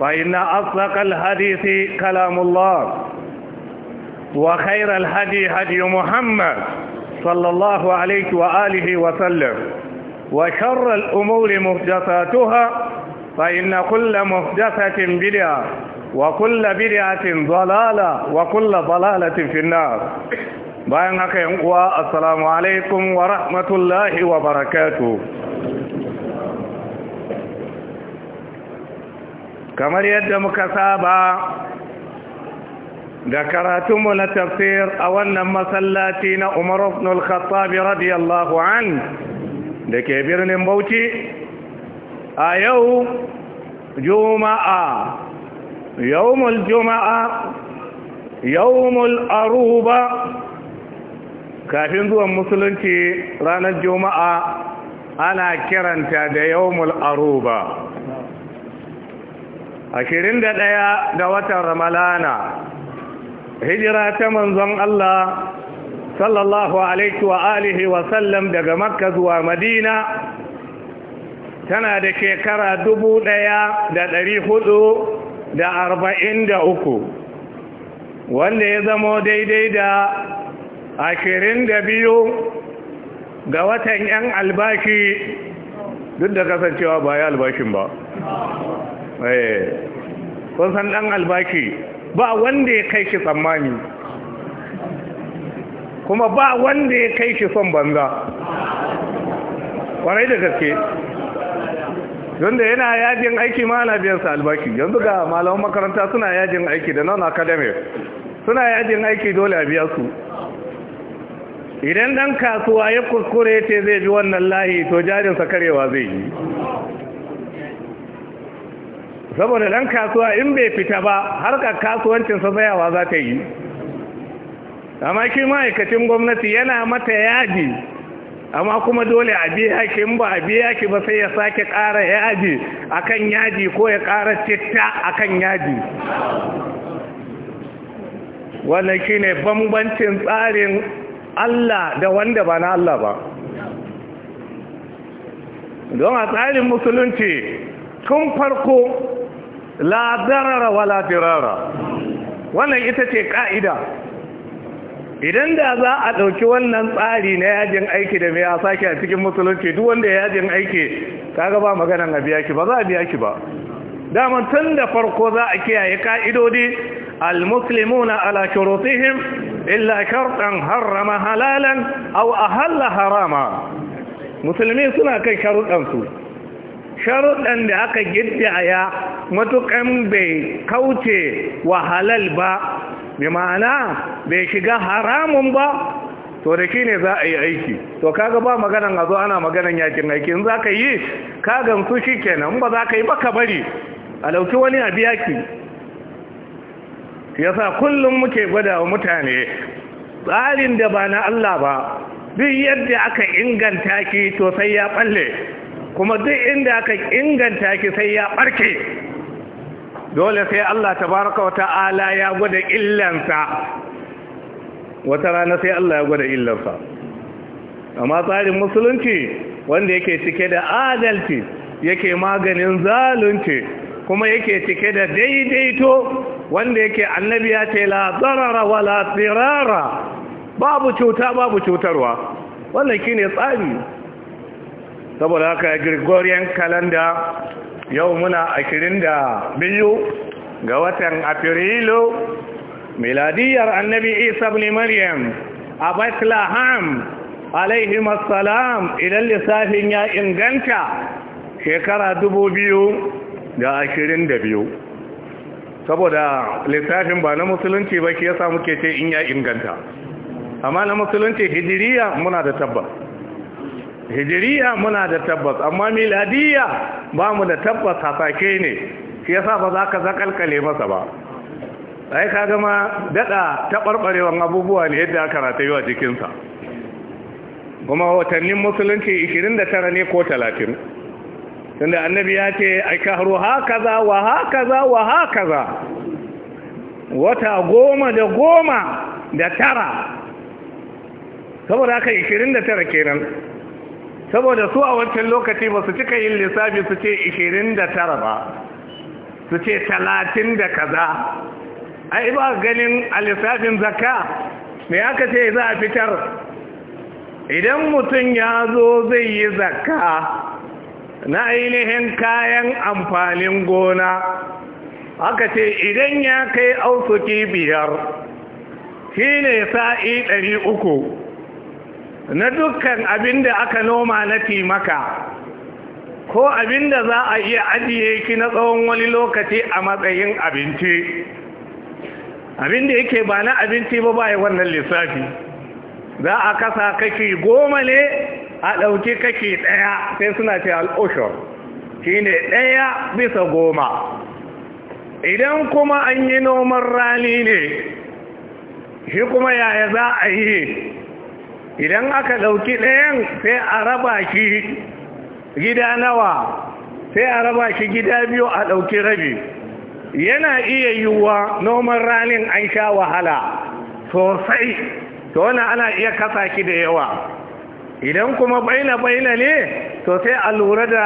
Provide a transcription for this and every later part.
فإن أصدق الحديث كلام الله وخير الهدي هدي محمد صلى الله عليه وآله وسلم وشر الأمور مهدثاتها فإن كل مهدثة بدعة وكل بدعة ضلالة وكل ضلالة في النار بأنك السلام عليكم ورحمة الله وبركاته kamar yadda muka saba da karatunmu na tafsir a wannan masallaci na umar ibn al radiyallahu an da ke birnin bauchi a yau juma'a yawmul juma'a yawmul aruba kafin zuwan musulunci ranar juma'a ana kiranta da yawmul aruba ashirin da ɗaya da watan ramalana hijira ta manzon Allah sallallahu alaihi wa alihi wa sallam daga makka zuwa madina tana da shekara dubu ɗaya da ɗari hudu da arba'in da uku wanda ya zamo daidai da ashirin da biyu ga watan 'yan albashi duk da kasancewa ba ya albashin ba Eh. kun san ɗan albaki ba wanda ya kai shi tsammani kuma ba wanda ya kai shi son banza kwarai da gaske yadda yana yajin aiki ma ana su albaki yanzu ga malaman makaranta suna yajin aiki da non academic suna yajin aiki dole a biya su idan ɗan kasuwa ya kuskure ce zai ji wannan layi to jarinsa karewa zai yi saboda ɗan kasuwa in bai fita ba harkar kasuwancinsa tsayawa za ta yi amma shi ma'aikacin gwamnati yana mata yaji amma kuma dole a biya ki in ba a biya ki ba sai ya sake ƙara yaji akan yaji ko ya ƙara citta akan yaji wannan ne bambancin tsarin Allah da wanda ba na Allah ba don a tsarin musulunci tun farko la darara la wannan ita ce ka'ida idan da za a ɗauki wannan tsari na yajin aiki da mai a a cikin musulunci duk wanda ya yajin aiki ta gaba maganan a biya ki ba za a biya ki ba dama tun da farko za a kiyaye ka'idodi almuslimu na alakirotihim illa shartan harrama halalan au a halla harama musulmi suna kai sharuɗansu sharuɗan da aka giddaya matuƙan bai kauce wa halal ba bi ma'ana bai shiga haramun ba to da shi ne za a yi aiki to kaga ba maganan a zo ana maganan yakin aiki in za ka yi ka gansu shi kenan ba za ka yi ba ka bari a lauki wani abi yaki sa kullum muke gwada wa mutane tsarin da ba na Allah ba duk yadda aka inganta ki to sai ya ɓalle. kuma duk inda aka inganta ki sai ya barke dole sai Allah tabaraka wa ta'ala ya gwada illansa wata rana sai Allah ya gwada illansa amma tsarin musulunci wanda yake cike da adalci yake maganin zalunci kuma yake cike da daidaito wanda yake annabi ya ce la zarara wala tsirara babu cuta babu cutarwa wannan shine tsari saboda haka gregorian kalanda, yau muna ashirin da biyu ga watan afrilu miladiyar annabi isa ne maryam a bethlehem alaihim assalam idan lissafin ya inganta shekara dubu biyu da ashirin da biyu saboda lissafin ba na musulunci ba ke yasa muke ce in ya inganta amma na musulunci hijiriya muna da tabbas hijiriya muna da tabbas amma miladiya ba mu da tabbas hasake ne shi yasa ba za ka zakalkale masa ba ai ka gama daɗa taɓarɓarewan abubuwa ne yadda aka rata yiwa jikinsa kuma watannin musulunci 29 ne ko 30 tunda annabi ya ce haka za wa haka za wa haka za. wata goma da goma da tara saboda haka 29 kenan saboda su a wancan lokaci ba su cika yin lissafi su ce 29 ba su ce 30 da kaza yi ba ganin a lissafin zaka me aka ce za a fitar idan mutum ya zo zai yi zakka na ainihin kayan amfanin gona aka ce idan ya kai ausuki biyar shi ne sa'i ɗari uku. na dukkan abin da aka noma na timaka ko abin da za a iya ajiye ki na tsawon wani lokaci a matsayin abinci abin da yake ba na abinci ba ba wannan lissafi za a kasa kake goma ne a ɗauki kake ɗaya sai suna ce al'ushur shi ne ɗaya bisa goma idan kuma an yi noman rani ne shi kuma yaya za a yi idan aka ɗauki ɗayan sai a raba shi gida nawa sai a raba shi gida biyu a ɗauki rabi yana iya yiwuwa noman ranin an sha wahala sosai to wani ana iya kasa shi da yawa idan kuma baina-baina ne to sai a lura da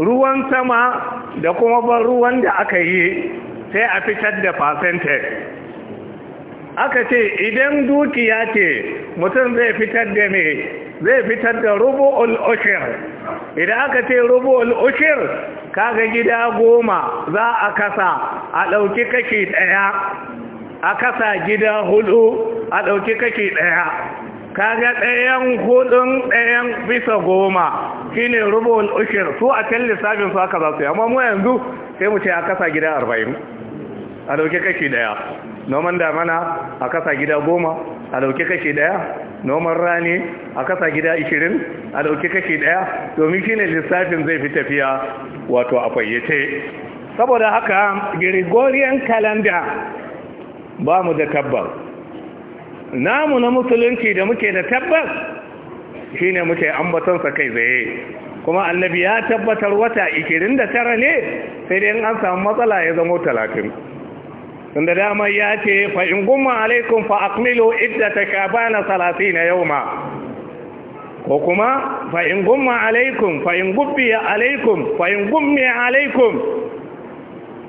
ruwan sama da kuma ban ruwan da aka yi sai a fitar da percentage aka ce idan dukiya ce mutum zai fitar da ne zai fitar da rubu ushir idan aka ce rubu ushir kaga gida goma za a kasa a ɗauki kashi ɗaya a kasa gida hudu a ɗauki kashi ɗaya kaga ɗayan hudun ɗayan bisa goma shine rubu ushir su a can lissafin su aka za su yi amma mu yanzu sai mu ce a kasa gida arba'in a ɗauki kashi ɗaya noman damana a kasa gida goma a dauke kashi daya noman rani a kasa gida ishirin a dauke kashi daya domin shine lissafin zai fi tafiya wato a fayyace saboda haka gregorian kalanda ba mu da tabbas namu na musulunci da muke da tabbas shine muke ambatonsa kai zaye kuma annabi ya tabbatar wata 29 ne sai dai an samu matsala ya zama 30 tunda dama ya ce fa in gumma alaikum fa akmilu iddata bana salatina yawma ko kuma fa in gumma alaikum fa in gubbi alaikum fa in gummi alaikum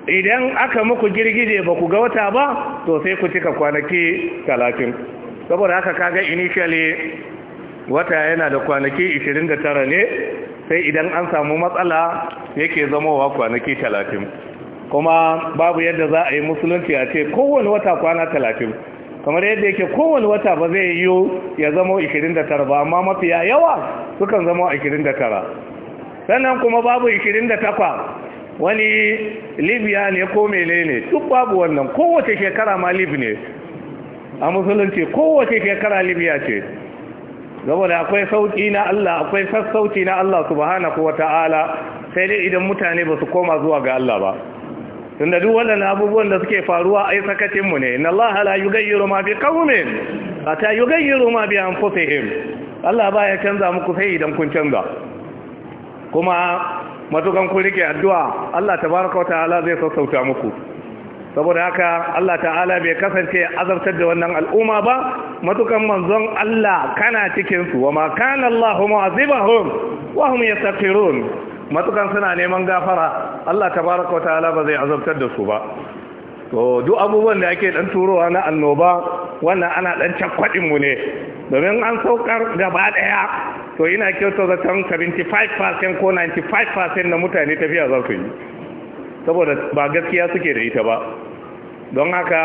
idan aka muku girgije ba ku ga wata ba to sai ku cika kwanaki 30 saboda haka kaga initially wata yana da kwanaki 29 ne sai idan an samu matsala yake zamowa kwanaki talatin. kuma babu yadda za a yi musulunci a ce kowane wata kwana talatin kamar yadda yake kowane wata ba zai yiwu ya zama 29 ba amma mafiya yawa sukan zama 29 sannan kuma babu 28 wani libya ne ko ne duk babu wannan kowace shekara ma lib ne a musulunci kowace shekara libya ce saboda akwai sauki na Allah akwai sassauci na Allah subhanahu wata'ala sai dai idan mutane ba su koma zuwa ga Allah ba tunda duk wannan abubuwan da suke faruwa ai mu ne inna Allah la yughayyiru ma bi qaumin hatta yughayyiru ma bi anfusihim Allah baya canza muku sai idan kun canza kuma matukan kun rike addu'a Allah tabaraka ta'ala zai sassauta muku saboda haka Allah ta'ala bai kasance azabtar da wannan al'umma ba matukan manzon Allah kana cikin su wa ma kana Allahu mu'azibahum wa hum yastaghfirun matukan suna neman gafara Allah tabaraka wa ta'ala ba zai azabtar da su ba to duk abubuwan da ake dan turowa na annoba wannan ana dan cakwadin mu ne domin an saukar gaba daya to ina kyauta zaton 75% ko 95% na mutane tafiya za su yi saboda ba gaskiya suke da ita ba don haka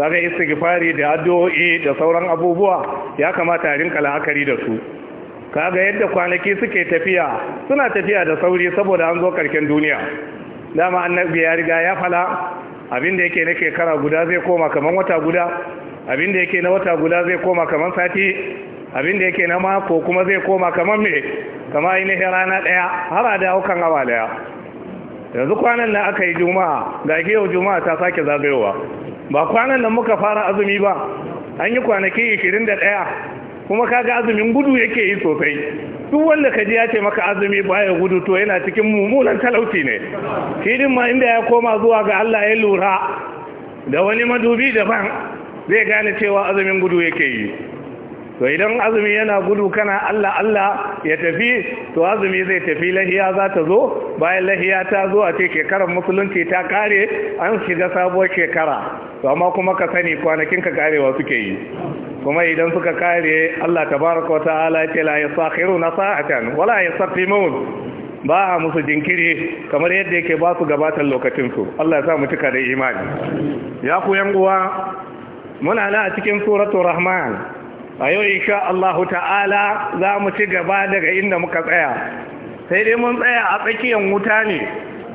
kaga istighfari da addu'o'i da sauran abubuwa ya kamata a rinka la'akari da su kaga yadda kwanaki suke tafiya suna tafiya da sauri saboda an zo karken duniya dama annabi ya riga ya fala abin da yake na shekara guda zai koma kaman wata guda abin da yake na wata guda zai koma kaman sati abin da yake na mako kuma zai koma kaman me kama ainihin rana ɗaya har a da kan awa ɗaya yanzu kwanan nan aka yi juma'a ga yau juma'a ta sake zagayowa ba kwanan nan muka fara azumi ba an yi kwanaki ɗaya. kuma kaga azumin gudu yake yi sosai duk wanda kaji ya ce maka azumi baya gudu to yana cikin mummunan talauci ne shi din ma inda ya koma zuwa ga Allah ya lura da wani madubi daban zai gane cewa azumin gudu yake yi to idan azumi yana gudu kana Allah Allah ya tafi to azumi zai tafi lahiya za ta zo bayan lahiya ta zo a ce shekarar musulunci ta kare an shiga sabuwar shekara to amma kuma ka sani kwanakin ka karewa suke yi kuma idan suka kare Allah tabaraka wa ta'ala ya ce la yasakhiru sa'atan wala yastaqdimun ba a musu jinkiri kamar yadda yake ba su gabatar lokacinsu Allah ya sa mu cika da imani ya ku yan uwa muna na a cikin suratul rahman a yau insha Allahu ta'ala za mu ci gaba daga inda muka tsaya sai dai mun tsaya a tsakiyar wuta ne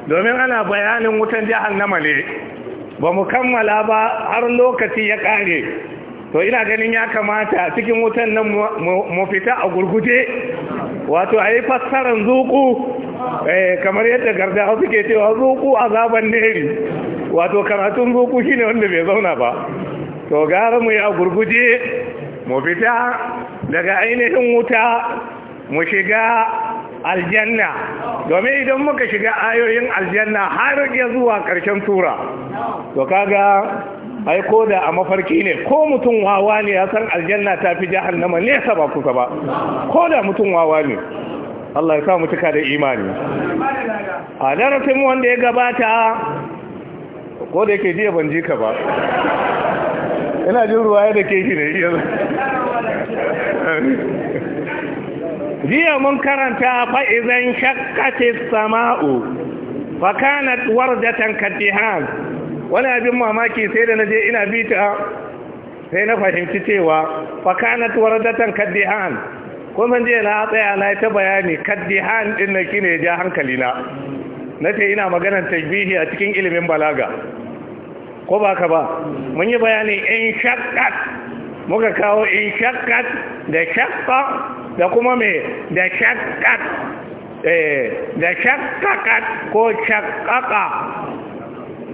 domin ana bayanin wutan na male ba mu kammala ba har lokaci ya kare to ina ganin ya kamata cikin wutan nan mu fita a gurguje wato a yi fassarar zuku eh, kamar yadda gardawa suke cewa zuku zaben neri wato karatun zuku shine wanda bai zauna ba to gara mu yi a gurguje mu fita daga ainihin wuta mu shiga aljanna domin idan muka shiga ayoyin aljanna har ya zuwa ƙarshen tura to kaga ai ko da a mafarki ne ko mutum wawa ne ya san aljanna ta fi jahannama nesa ba kusa ba ko da mutum wawa ne Allah ya sa mu cika da imani a darasin wanda ya gabata ko da yake jiya ban ji ka ba ina jin ruwa da ke shi ne jiya mun karanta fa'izan shakkatis sama'u fakanat warjatan kaddihan wani abin mamaki sai da naje ina bita sai na fahimci cewa fakanat warjatan Ko kuma je na tsaya na ta bayani kaddihan din na kine ja hankali na nace ina maganar tajbihi a cikin ilimin balaga ko ba ka ba mun yi bayanin in shakkat muka kawo in shakkat da shakka da kuma me da shakkat eh, da shakkakat ko shakkaka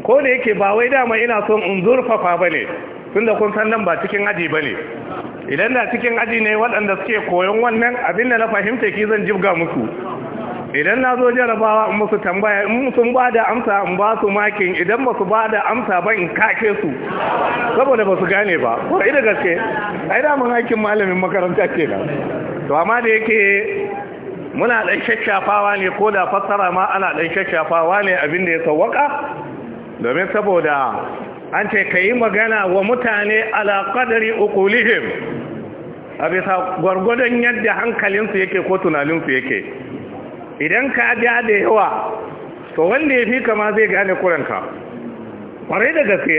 ko da yake ba wai dama ina son in zurfafa ba ne tun da kun san nan ba cikin aji ba ne idan da cikin aji ne waɗanda suke koyon wannan abin da na fahimta ki zan jibga musu idan na zo jarabawa in musu tambaya in sun ba da amsa in ba su makin idan ba su ba da amsa ba in kake su saboda ba su gane ba ko ida gaske ai da mun hakin malamin makaranta ke nan to amma da yake muna dan shashafawa ne ko da fassara ma ana dan shashafawa ne abin da ya sawwaka domin saboda an ce kai magana wa mutane ala qadri uqulihim a bisa gwargwadon yadda hankalinsu yake ko tunaninsu yake idan ka ja da yawa to wanda ya fi kama zai gane kuranka kwarai da gaske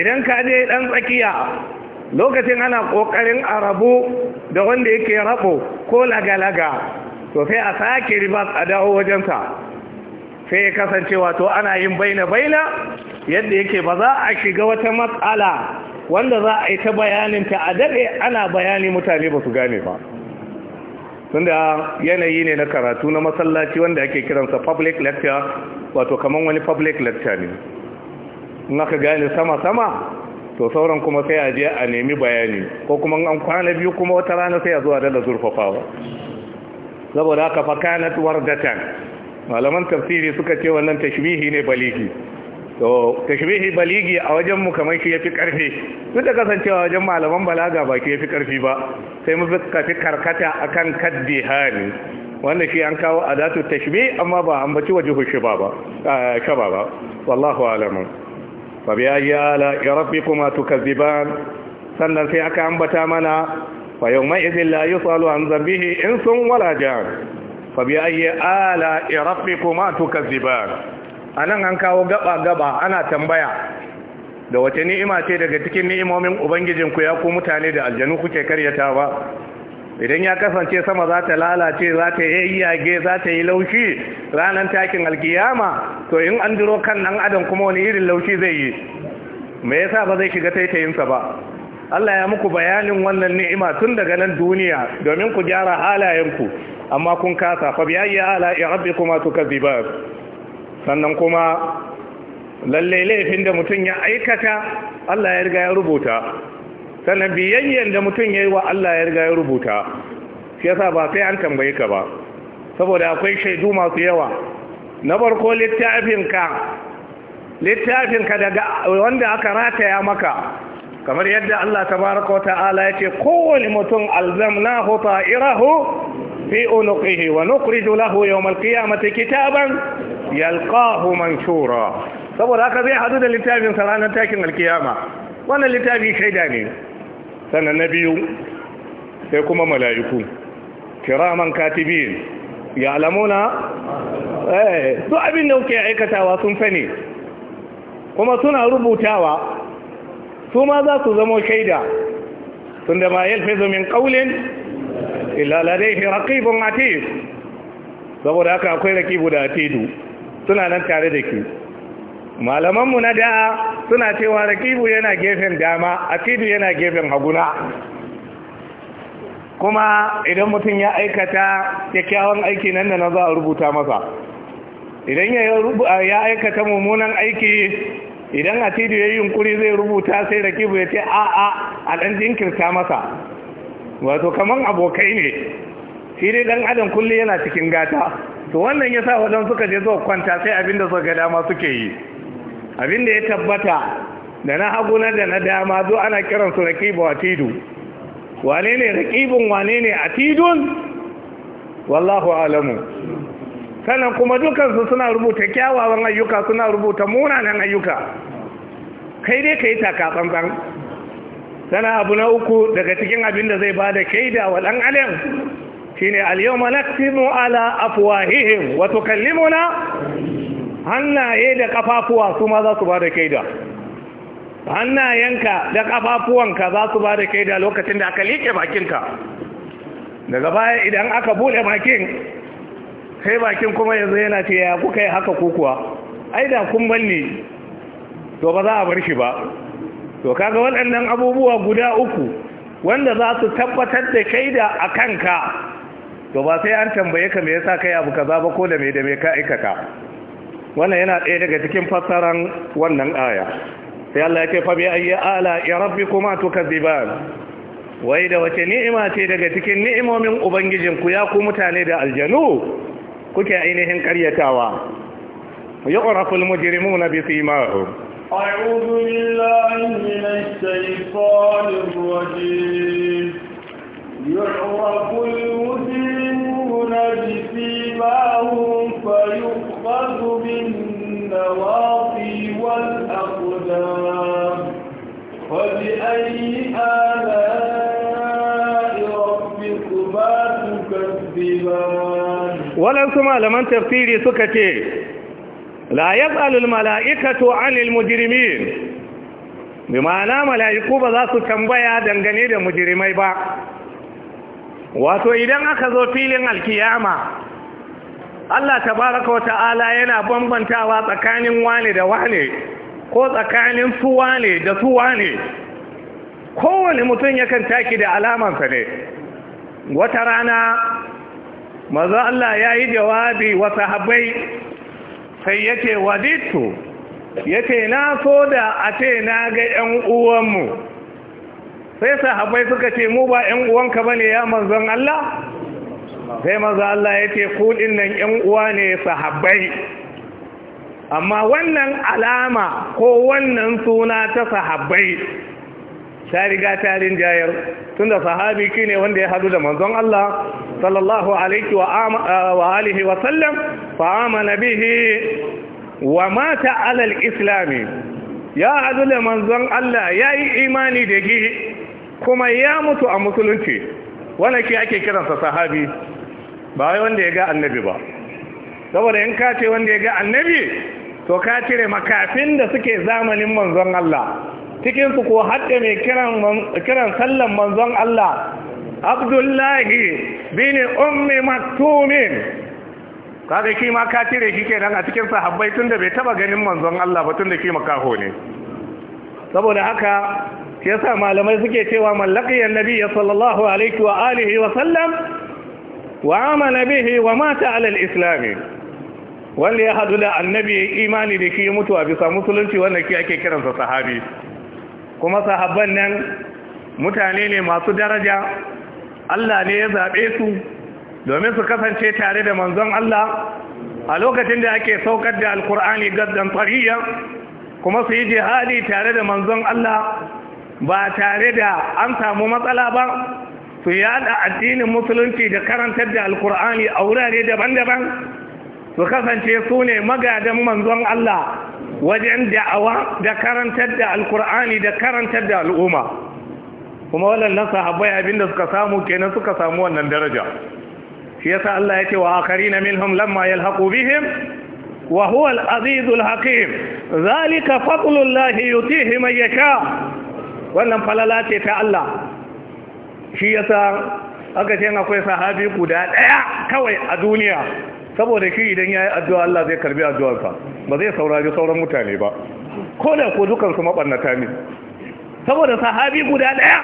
idan ka je dan tsakiya lokacin ana ƙoƙarin a da wanda yake rabo ko lagalaga to sai a sake ribas a dawo wajensa sai ya kasance wato ana yin baina-baina yadda yake ba za a shiga wata matsala wanda za a yi ta bayaninta a daɗe ana bayani mutane ba su gane ba tunda yanayi ne na karatu na masallaci wanda ake kiransa public lecture wato kamar wani public lecture ne in aka gane sama-sama to sauran kuma sai a je a nemi bayani ko kuma an kwana biyu kuma wata rana sai a zuwa da zurfafawa saboda haka fakanat wardatan malaman tafsiri suka ce wannan tashbihi ne baliki to tashbihi baligi a wajen mu kamar shi yafi karfi duk da kasancewa wajen malaman balaga ba shi yafi karfi ba sai mu fuska fi karkata akan kaddi hani wanda shi an kawo adatu tashbih amma ba an baci waje hushi ba ba shaba ba wallahu alamu fa bi ayyi ala rabbikuma tukazziban sannan sai aka ambata mana fa yawma idhil la yusalu an dhanbihi insun wala jan fa bi ayyi ala rabbikuma tukazziban a nan an kawo gaba-gaba ana tambaya da wace ni'ima ce daga cikin ni'imomin ubangijinku ya ku mutane da aljanu kuke karyata ba idan ya kasance sama za ta lalace za ta yi yage za ta yi laushi ranar takin alkiyama to in an duro kan nan adam kuma wani irin laushi zai yi me yasa ba zai shiga taitayinsa ba Allah ya muku bayanin wannan ni'ima tun daga nan duniya domin ku gyara halayenku amma kun kasa fa biyayya ala rabbikum tukazziban sannan kuma lalle laifin da mutum ya aikata Allah ya riga ya rubuta sannan biyayyen da mutum ya yi wa Allah ya riga ya rubuta shi yasa ba sai an tambaye ka ba saboda akwai shaidu masu yawa na farko littafinka littafinka daga wanda aka rataya maka kamar yadda Allah tabaraka wa ta'ala ya ce kowane mutum alzamnahu ta'irahu fi unuqihi wa nukhriju lahu yawm qiyamati kitaban yalqahu manshura saboda haka zai hadu da littafin sa ranar takin alkiyama wannan littafi shaida ne sannan na biyu sai kuma mala'iku kiraman katibin ya alamuna eh duk abin da kuke aikatawa sun sani kuma suna rubutawa su ma za su zamo shaida tunda ma yalfizu min qawlin illa ladaihi raqibun atid saboda haka akwai raqibu da atidu suna nan tare da ke malaman mu na da suna cewa raqibu yana gefen dama atidu yana gefen haguna kuma idan mutum ya aikata kyakkyawan aiki nan da na za a rubuta masa idan ya aikata mummunan aiki idan atidu ya yi yunkuri zai rubuta sai raqibu ya ce a'a a ɗan jinkirta masa wato kamar abokai ne shi dai dan adam kulle yana cikin gata to wannan yasa wadan suka je zuwa kwanta sai abinda suka ga dama suke yi abinda ya tabbata da na hagu na da na dama zo ana kiran su a tidu. wane ne raqibun wane ne atidun wallahu alamu sannan kuma dukansu suna rubuta kyawawan ayyuka suna rubuta munanan ayyuka kai dai ka yi takatsantsan sana abu na uku daga cikin abin da zai ba da kaida wa ɗan adam shine al-yawma naktimu ala afuwahihim wato kallimuna hannaye da kafafuwa su ma za su ba da kaida hannayenka da kafafuwanka za su ba da kaida lokacin da aka liƙe bakinka daga baya idan aka buɗe bakin sai bakin kuma yanzu yana ce ya kuka yi haka kukuwa ai da kun banni to ba za a bar shi ba to kaga waɗannan abubuwa guda uku wanda za su tabbatar da shaida a kanka to ba sai an tambaye ka me yasa kai abu kaza ba ko da me da me ka aikata wannan yana ɗaya daga cikin fassaran wannan aya sai Allah ya ce fa bi ayyi ala ya rabbikuma tukadziban wai da wace ni'ima ce daga cikin ni'imomin ubangijinku ya ku mutane da aljanu kuke ainihin karyatawa yu'raful mujrimuna bi simahum أعوذ بالله من الشيطان الرجيم يعرف المسلمون بسيماهم فيؤخذ بالنواصي والأقدام فبأي آلاء ربكما تكذبان ولو كما لمن تفسيري سكتي la yas'alu almala'ikatu an mujrimin bi ma'ana mala'iku ba za su tambaya dangane da mujirimai ba wato idan aka zo filin alkiyama Allah tabaraka wa ta'ala yana bambantawa tsakanin wane da wane ko tsakanin su wane da su wane kowane mutum yakan taki da alamansa ne wata rana maza Allah ya yi jawabi wa sahabbai sai yake waditu yake na so da a ce na ga 'yan uwanmu sai sahabai suka ce mu ba 'yan uwanka ba ne ya manzon Allah sai maza Allah ya ce kudin nan 'yan uwa ne sahabai amma wannan alama ko wannan suna ta sahabai. ta riga ta rinjayar da sahabi ki ne wanda ya hadu da manzon Allah sallallahu alaihi wa ah, alihi wa sallam fa amana bihi wa mata ala al-islam ya hadu da manzon Allah yayi imani da gi kuma ya mutu a musulunci wanda ke ake kiransa sahabi ba wai wanda ya ga annabi ba saboda in ka ce wanda ya ga annabi to ka cire makafin da suke zamanin manzon Allah cikin su ko hadda mai kiran sallan manzon Allah Abdullahi bin ummi maktumin kaga shi ma ka cire shi kenan a cikin sahabbai tunda bai taba ganin manzon Allah ba tunda shi makaho ne saboda haka yasa malamai suke cewa mallakiyar nabi sallallahu alaihi wa alihi wa sallam wa amana bihi wa mata alal islami wanda ya hadu da annabi imani da shi mutuwa bisa musulunci wanda ke ake kiransa sahabi kuma sahabban nan mutane ne masu daraja Allah ne ya zaɓe su domin su kasance tare da manzon Allah a lokacin da ake saukar da alkur'ani gaddan tariya kuma su yi jihadi tare da manzon Allah ba tare da an samu matsala ba su yada addinin musulunci da karantar da alkur'ani a wurare daban-daban su kasance su ne magadan manzon Allah wajen da'awa da karantar da alkur'ani da karantar da al'umma kuma waɗannan sahabbai abinda suka samu kenan suka samu wannan daraja shi yasa Allah ya ce wa akarina minhum lamma yalhaqu bihim wa huwa al-aziz al-hakim zalika fadlu Allah yutihi man yasha wannan falala ce ta Allah shi yasa aka ce akwai sahabi guda daya kawai a duniya saboda shi idan ya yi addu'a Allah zai karbi addu'arsa ba zai saurari sauran mutane ba ko da ko dukansu maɓannata ne saboda sahabi guda ɗaya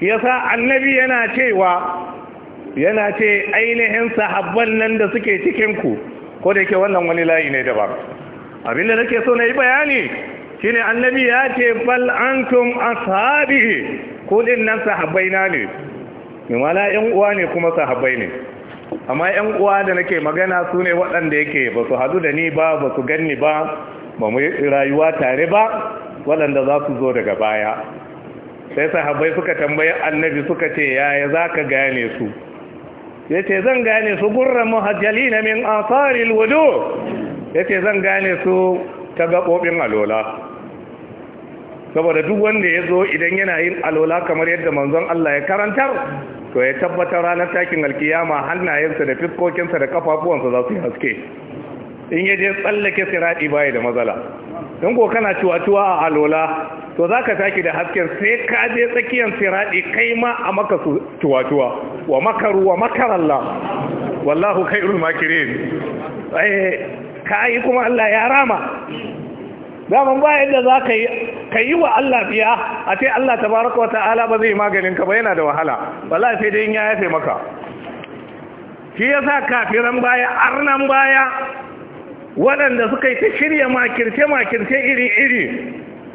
yasa annabi yana cewa yana ce ainihin sahabban nan da suke cikinku ko da yake wannan wani layi ne daban abin da nake so na yi bayani shine annabi ya ce bal antum ashabi ko din nan sahabbai na ne mimala yan uwa ne kuma sahabbai ne amma yan uwa da nake magana su ne waɗanda yake ba su hadu da ni ba ba su ganni ba ba mu rayuwa tare ba waɗanda za su zo daga baya sai sahabbai suka tambayi annabi suka ce yaya za ka gane su ya ce zan gane su gurran muhajjali na min asaril wudu ya ce zan gane su ta gaɓoɓin alola saboda duk wanda ya zo idan yana yin alola kamar yadda manzon Allah ya karantar to ya tabbatar ranar takin alkiyama hannayensa da fiskokinsa da kafafuwansa za su yi haske in ya je tsallake siradi baya da matsala don ko kana ciwa-ciwa a alola to za ka taki da hasken sai ka je tsakiyar siradi kai ma a maka su ciwa wa makaru wa makarallah wallahu kai makirin eh, ka yi kuma Allah ya rama daman ba yadda za ka yi wa Allah biya a ce Allah baraka wa ta'ala ba zai maganin ka ba yana da wahala wallahi sai dai in ya yafe maka shi yasa kafiran baya arnan baya waɗanda suka yi ta shirya makirce makirce iri iri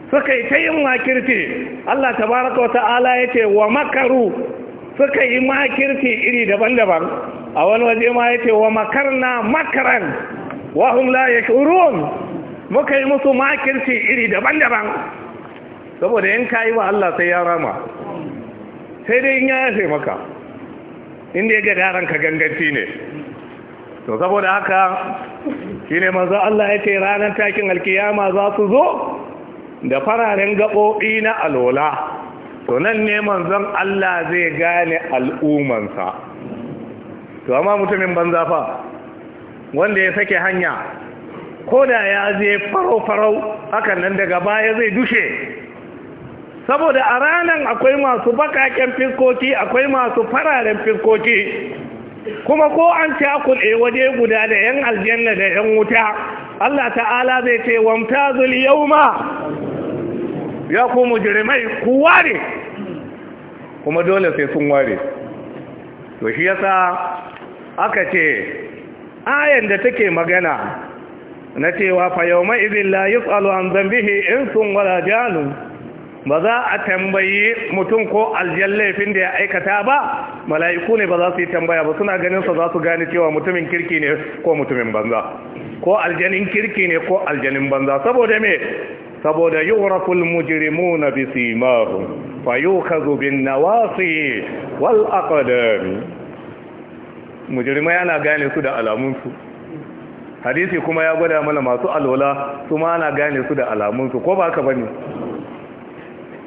suka yi ta yin makirce Allah tabaraka wa ta'ala ce wa makaru suka yi makirce iri daban-daban a wani waje ma ce wa makarna makaran wa hum la muka yi musu makirci iri daban-daban saboda in ka wa Allah sai ya rama sai dai in ya yafe maka inda ya gada ranka ganganci ne to saboda haka shi ne manzo Allah ya ce ranar takin alkiyama za su zo da fararen gaɓoɓi na alola to nan ne manzon Allah zai gane al'umansa to amma mutumin banza fa wanda ya sake hanya ko da ya je farau-farau hakan nan daga baya zai dushe saboda a ranar akwai masu bakaken fiskoki akwai masu fararen fiskoki kuma ko an cakuɗe waje guda da 'yan aljanna da 'yan wuta Allah ta'ala zai ce wamta zuli yau ma ya ku jirimai ku ware kuma dole sai sun ware to shi yasa aka ce ayan da take magana na cewa fa yawma idin la yus'alu an in sun wala janun ba za a tambayi mutum ko aljiyar laifin da ya aikata ba mala'iku ne ba za su yi tambaya ba suna ganin sa za su gane cewa mutumin kirki ne ko mutumin banza ko aljanin kirki ne ko aljanin banza saboda me saboda fa mujrimuna bisimahum fayukazu bin nawasi wal aqdam mujrimai yana gane su da alamunsu hadisi kuma ya gwada mana masu alwala su ma ana gane su da alamunsu ko ba ka bane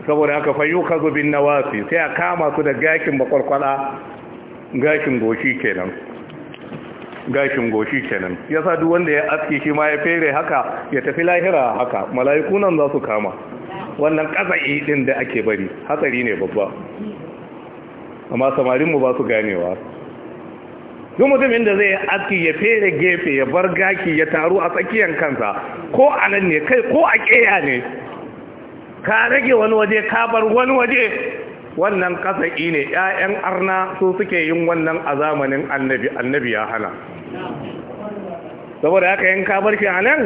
saboda haka fayu ka zubin na wasi sai a kama su da gashin bakwarkwala gashin goshi kenan gashin goshi kenan yasa duk wanda ya aski shi ma ya fere haka ya tafi lahira haka mala'iku nan za su kama wannan kasa'i din da ake bari hatsari ne babba amma samarinmu ba su ganewa duk mutumin da zai aski ya fere gefe ya bar gaki ya taru a tsakiyar kansa ko a nan ne kai ko a keya ne ka rage wani waje ka bar wani waje wannan kasa'i ne 'ya'yan arna su suke yin wannan a zamanin annabi annabi ya hana saboda haka yin ka bar shi a nan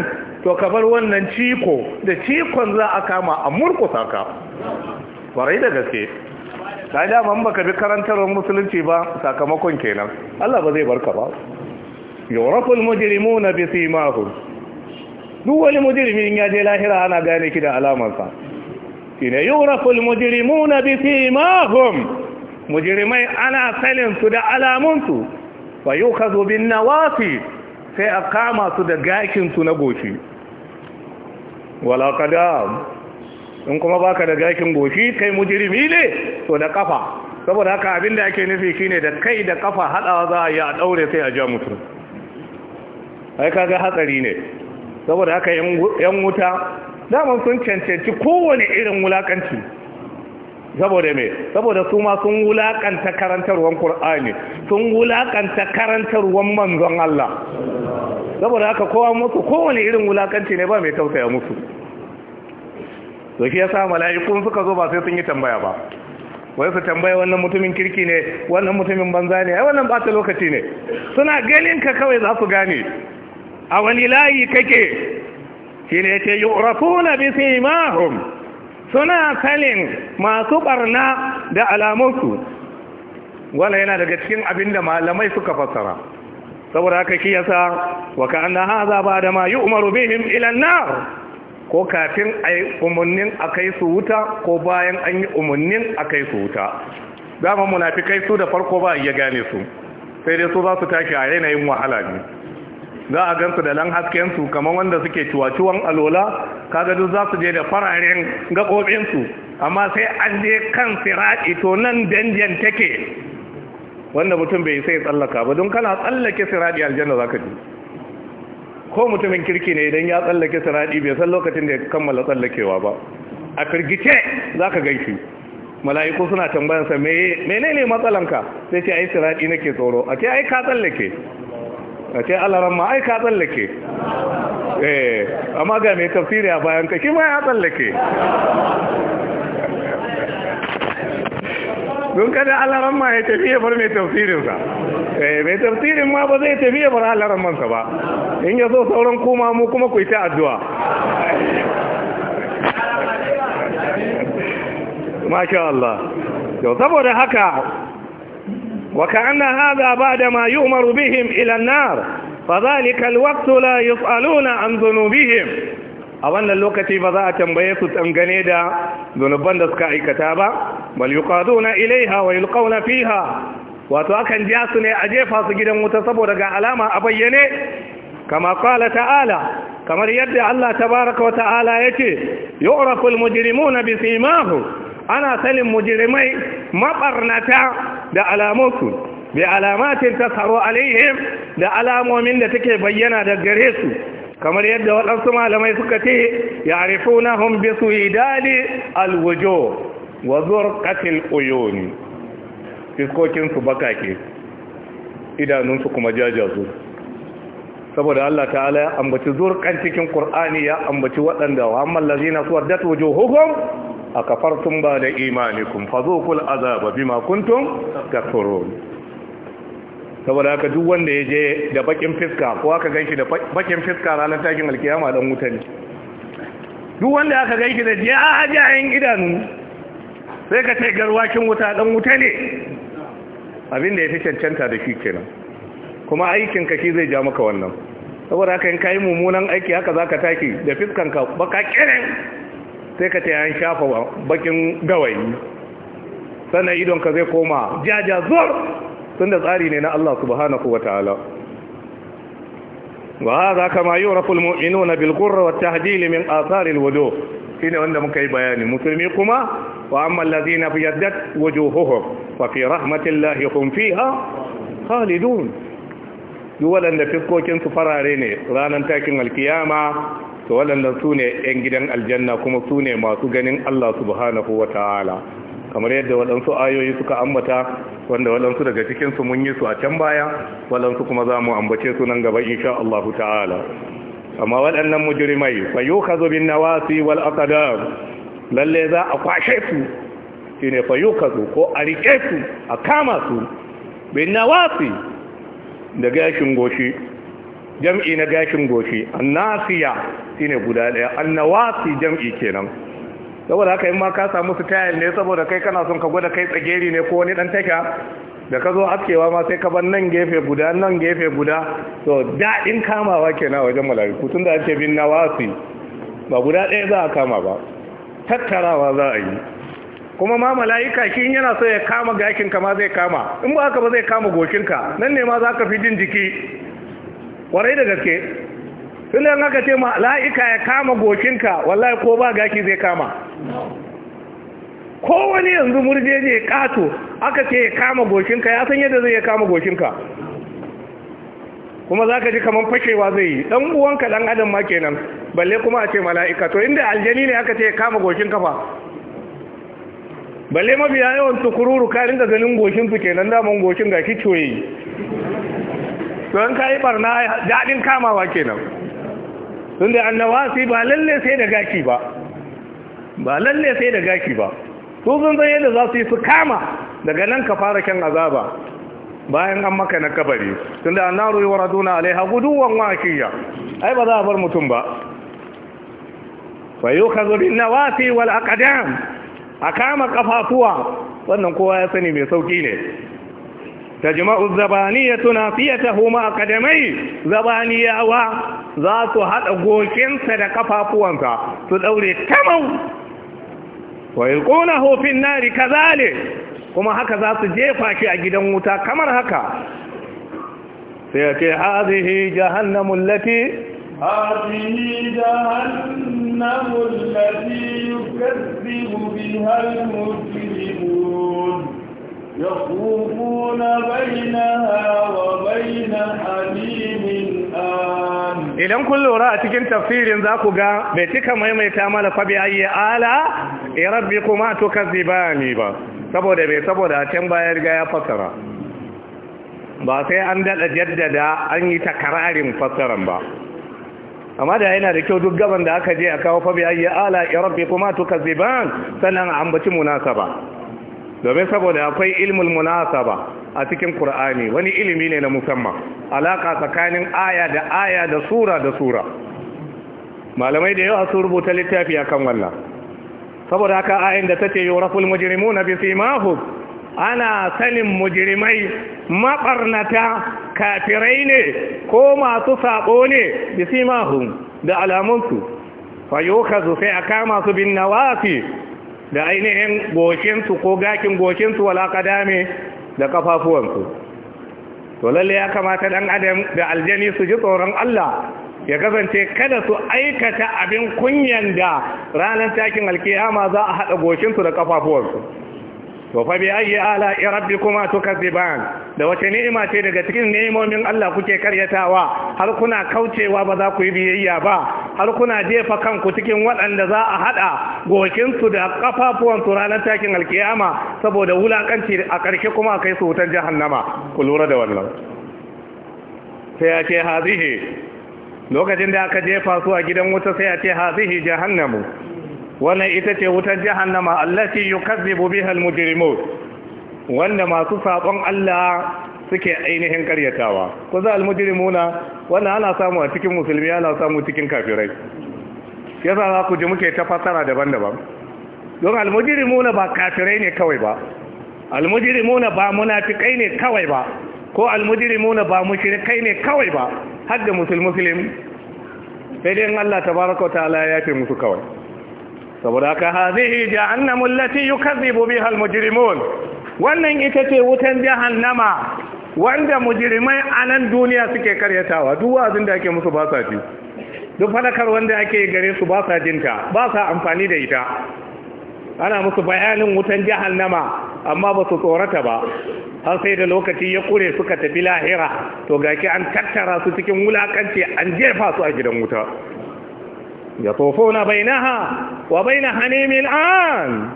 to ka bar wannan ciko da cikon za a kama a murkusa ka kwarai da gaske ka da ba baka bi karantar musulunci ba sakamakon kenan Allah ba zai barka ba mujirimu na bi mahu duk wani mujrimi ya je lahira ana gane ki da alamarsa shine mujirimu na bi mahu mujirimai ana sanin su da alamunsu ka zobin na wafi sai a kama su da gashinsu na goshi wala in kuma baka da gashin goshi kai mujirimi ne to da kafa saboda haka abin da ake nufi shine da kai da kafa hadawa za a yi a daure sai a ja mutum ai kaga hatsari ne saboda haka yan wuta daman sun cancanci kowane irin wulakanci saboda me saboda su ma sun wulakanta karantarwar Kur'ani sun wulakanta karantarwar manzon Allah saboda haka kowa musu kowane irin wulakanci ne ba mai tausaya musu to shi yasa mala'ikun suka zo ba sai sun yi tambaya ba wai su tambaya wannan mutumin kirki ne wannan mutumin banza ne ai wannan ba ta lokaci ne suna ganin ka kawai za su gane a wani layi kake shi ne yi yu'rafuna bi simahum suna sanin masu barna da alamunsu wala yana daga cikin abinda malamai suka fassara saboda haka shi yasa wa ka'anna hadha ba da ma yu'maru bihim ila an-nar ko kafin a yi umarnin a kai su wuta ko bayan an yi umarnin a kai su wuta dama munafikai su da farko ba ya gane su sai dai su za su tashi a yanayin wahala ne za a gansu da lan haskensu kamar wanda suke ciwaciwon alola kaga duk za su je da fararen gaɓoɓinsu amma sai an je kan siraɗi to nan danjen take wanda mutum bai sai tsallaka ba don kana tsallake siraɗi aljanna za ka ji ko mutumin kirki ne idan ya tsallake siradi bai san lokacin da ya kammala tsallakewa ba a firgice za ka gaishi mala'iku suna tambayansa menene matsalanka sai ce ai siradi nake tsoro a ce ai ka tsallake a ce alaran ma ai ka tsallake eh, amma ga mai tafsiri a bayan ka shi ma ya tsallake دون كده على رمى يتفيه برمي تفسير يوسا بتفسير ما بدأ يتفيه برا على رمى سبا إن جسو سورن كوما موكوما كويتا أدوا ما شاء الله جو ثبور هكا وكأن هذا بعد ما يؤمر بهم إلى النار فذلك الوقت لا يسألون عن ذنوبهم a wannan lokaci ba za a tambaye su tsangane da zunuban da suka aikata ba bal na ilaiha wa yulqawna fiha wato akan ja su ne a jefa su gidan wuta saboda ga alama a bayyane kama qala ta'ala kamar yadda Allah tabaraka wa ta'ala yace yu'raful mujrimuna bisimahum ana sanin mujirimai, mabarnata da alamunsu bi alamatin tasharu alaihim da alamomin da take bayyana da gare su kamar yadda waɗansu malamai suka ce ya na hun bisu idali alwujo wa zurkatil uyuni fiskokinsu bakake idanunsu kuma jajazu saboda Allah ta'ala ya ambaci zurkan cikin ƙur'ani ya ambaci waɗanda wa amman hukum a kafar akafartum ba da imanikum fadhuqul azaba bima kuntum takfurun saboda haka duk wanda ya je da bakin fiska ko aka ganshi da bakin fiska ranar takin alkiyama dan wuta ne duk wanda aka ganshi da ah, yin idanu sai ka ce garwakin wuta dan wuta ne abin da ya fi cancanta da shi kenan kuma aikin ka shi zai ja maka wannan saboda haka in kai mummunan aiki haka za ka taki da fiskan ka baka kirin sai ka ce an shafa bakin gawayi sannan idon ka zai koma jaja zuwa tunda tsari ne na Allah subhanahu wataala wa hadha kama yurafu almu'minuna bil qurra min athar alwudu shine wanda muka yi bayani musulmi kuma wa amma allazina fi yaddat wujuhuhum fa fi rahmatillahi hum fiha khalidun duk waɗanda fiskokin su farare ne ranar takin alkiyama to waɗanda su 'yan gidan aljanna kuma sune masu ganin Allah subhanahu wa ta'ala kamar yadda waɗansu ayoyi suka ambata wanda waɗansu daga cikinsu mun yi su a can baya waɗansu kuma za mu ambace su nan gaba insha Allahu ta'ala amma waɗannan mujrimai fa yukhazu bin nawasi wal aqdam lalle za a kwashe su shine fa yukhazu ko a rike su a kama su bin nawasi da gashin goshi jam'i na gashin goshi annasiya shine guda ɗaya annawasi jam'i kenan saboda haka in ma ka samu tayar ne saboda kai kana son ka gwada kai tsageri ne ko wani dan taka da ka zo askewa ma sai ka bar nan gefe guda nan gefe guda to daɗin kamawa kenan wajen mala'iku tunda ake bin nawasi ba guda ɗaya za a kama ba tattarawa za a yi kuma ma mala'ika shi yana so ya kama gakin ka ma zai kama in ba haka ba zai kama gokin ka nan ne ma za ka fi jin jiki kwarai da gaske tunda in aka ce ma la'ika ya kama gokinka wallahi ko ba gaki zai kama ko wani yanzu murjeje ya kato aka ce ya kama gokinka ya san yadda zai ya kama gokinka kuma za ka ji kamar fashewa zai yi ɗan uwanka ɗan adam ma kenan balle kuma a ce mala'ika to inda aljani ne aka ce ya kama gokinka kafa balle mabiya yawan tukururu ka ringa ganin goshin su kenan daman goshin ga kicoyi don ka yi barna daɗin kamawa kenan Sun da annawasi ba lalle sai da gaki ba ba lalle sai da gaki ba su sun zai yadda za su yi su kama daga nan ka fara kyan azaba bayan an maka na kabari Sun da annaru yi waraduna alaiha guduwan wakiya ai ba za a bar mutum ba fayo ka zo nawasi wal a kama kafafuwa wannan kowa ya sani mai sauki ne tajma'u zabaniyatu nafiyatahu ma qadamai zabaniyawa za su haɗa gokinsa da kafafuwansa su daure tamau wa yulqunahu fin nari kazalik kuma haka za su jefa shi a gidan wuta kamar haka sai ya ce hazihi jahannamu يطوفون بينها وبين حميم idan kun lura a cikin tafsirin za ku ga bai cika maimaita mana fa bi ayi ala rabbikuma ni ba saboda bai saboda can baya riga ya fasara ba sai an dada jaddada an yi takararin fasaran ba amma da yana da kyau duk gaban da aka je a kawo fa bi ayi ala rabbikuma tukazziban sannan an ambaci munasaba domin saboda akwai ilmul munasaba a cikin ƙur'ani wani ilimi ne na musamman alaƙa tsakanin aya da aya da sura da sura malamai da yawa su rubuta littafi akan wannan saboda haka ayin da tace yuraful mujrimuna na simahum ana sanin mujirimai mabarnata kafirai ne ko masu sabo ne bi da alamunsu fa yukhazu a akama su bin nawafi da ainihin goshinsu ko gakin goshinsu wala kadame da kafafuwansu to lalle ya kamata dan adam da aljani su ji tsoron Allah ya kasance kada su aikata abin kunyan da ranar takin alkiyama za a haɗa goshinsu da kafafuwansu to fa bi ayi ala rabbikuma tukazziban da wace ni'ima ce daga cikin ni'imomin Allah kuke karyatawa har kuna kaucewa ba za ku yi biyayya ba har kuna jefa kanku cikin waɗanda za a hada gokin su da kafafuwan su ranar takin alkiyama saboda wulakanci a ƙarshe kuma kai su wutan jahannama ku lura da wannan sai ya ce hazihi lokacin da aka jefa su a gidan wuta sai ya ce hazihi jahannamu wannan ita ce wutar jahannama allati yukazzibu biha almujrimun wanda masu sabon Allah suke ainihin karyatawa ko za almujrimuna wannan ana samu a cikin musulmi ana samu cikin kafirai yasa za ku ji muke ta fasara daban-daban don almujrimuna ba kafirai ne kawai ba almujrimuna ba munafikai ne kawai ba ko almujrimuna ba mushrikai ne kawai ba har da musulmi sai dai Allah tabaraka wa ta'ala ya ce musu kawai saboda haka hazihi jahannamu allati yukazzibu biha almujrimun wannan ita ce wutan jahannama wanda mujrimai a nan duniya suke karyatawa duk wazin da ake musu ba sa ji duk fadakar wanda ake gare su ba sa jinta ba sa amfani da ita ana musu bayanin wutan jahannama amma ba su tsorata ba har sai da lokaci ya kure suka tafi lahira to gaki an tattara su cikin wulakanci an jefa su a gidan wuta yatufuna bainaha wa baina hanimil an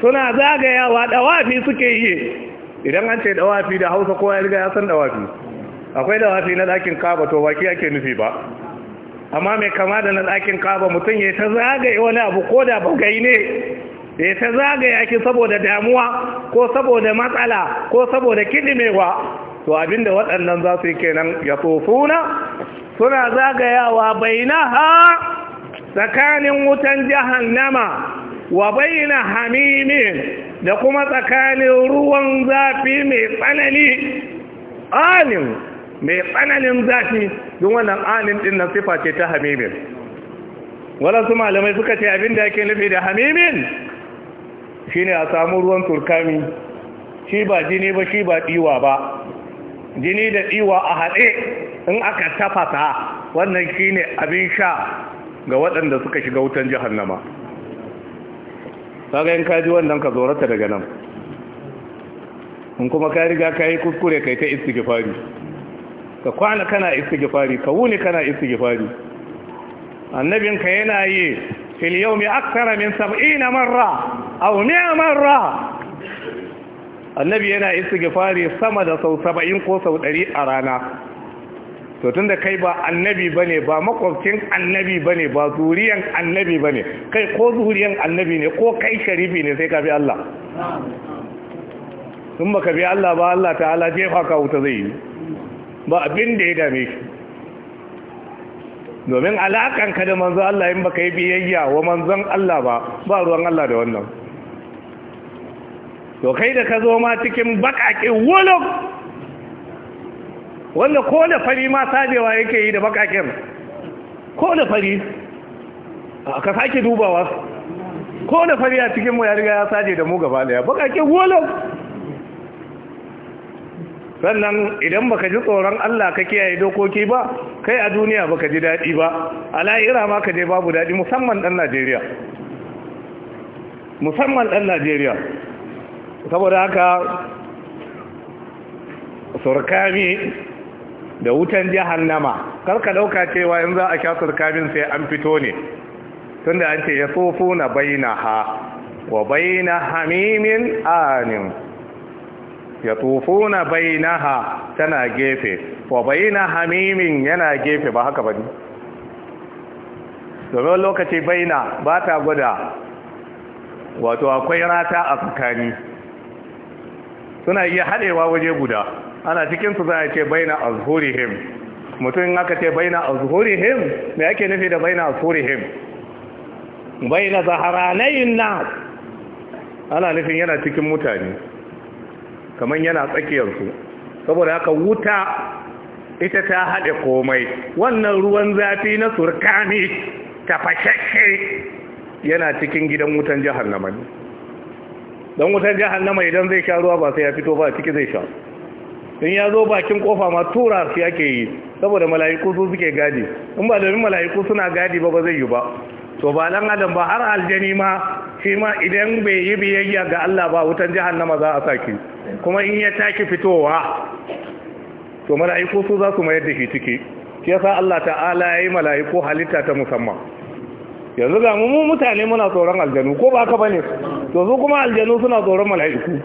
suna zagayawa dawafi suke yi idan an ce dawafi da Hausa kowa ya riga ya san dawafi akwai dawafi na dakin Kaaba to baki ake nufi ba amma mai kama da na dakin Kaaba mutum ya ta zagaye wani abu koda bugai ne ya ta zagaya ki saboda damuwa ko saboda matsala ko saboda kidimewa to abinda waɗannan za su yi kenan ya suna zagayawa ha tsakanin wutan jahannama wa baina hamimin da kuma tsakanin ruwan zafi mai tsanani alim mai tsananin zafi don wannan alim din na sifa ce ta hamimin su malamai suka ce abin da yake nufi da hamimin shi ne a samu ruwan turkami shi ba jini ba shi ba ɗiwa ba jini da ɗiwa a haɗe in aka tafasa wannan shine abin sha ga waɗanda suka shiga wutan jahannama kaga in kaji wannan ka zorata daga nan in kuma ka riga ka yi kuskure kai ta istighfari ka kwana kana istighfari ka wuni kana istighfari annabin ka yana yi fil mai aksara min 70 marra aw 100 marra annabi yana istighfari sama da sau saba'in ko sau ɗari a rana to tunda kai ba annabi bane ba makwabcin annabi bane ba zuriyan annabi bane kai ko zuriyan annabi ne ko kai sharifi ne sai ka bi Allah sun baka bi Allah ba Allah ta'ala jefa ka wuta zai yi ba abin da ya dame shi domin ka da manzo Allah in baka yi biyayya wa manzon Allah ba ba ruwan Allah da wannan to kai da ka zo ma cikin bakaƙin wuluk wanda ko da fari ma sajewa yake yi da bakakin ko da fari ka sake dubawa ko da fari a cikin mu ya riga ya saje da mu gaba daya bakakin wolo sannan idan baka ji tsoron Allah ka kiyaye dokoki ba kai a duniya baka ji daɗi ba a la'ira ma ka je babu daɗi musamman ɗan Najeriya musamman ɗan Najeriya saboda haka surkami da wutan jahannama kar ka dauka cewa in za a sha surkamin sai an fito ne tunda an ce yasufuna bainaha wa baina hamimin anin yatufuna bainaha tana gefe wa baina hamimin yana gefe ba haka bane domin lokaci baina ba ta gwada wato akwai rata a tsakani suna iya haɗewa waje guda ana cikin su za a ce baina azhurihim mutum aka ce baina azhurihim me yake nufi da baina azhurihim baina zaharanayin nas ana nufin yana cikin mutane kamar yana tsakiyar su saboda haka wuta ita ta haɗe komai wannan ruwan zafi na surkani ta fashe yana cikin gidan wutan jahannama ne don wutan jihar jahannama idan zai sha ruwa ba sai ya fito ba ciki zai sha in ya zo bakin kofa ma tura su yake yi saboda mala'iku su suke gadi in ba domin mala'iku suna gadi ba ba zai yi ba to ba dan adam ba har aljani ma shi ma idan bai yi biyayya ga Allah ba wutan jahannama za a saki kuma in ya taki fitowa to mala'iku su za su mayar da shi ciki shi yasa Allah ta'ala ya yi mala'iku halitta ta musamman yanzu ga mu mutane muna tsoron aljanu ko ba ka bane to su kuma aljanu suna tsoron mala'iku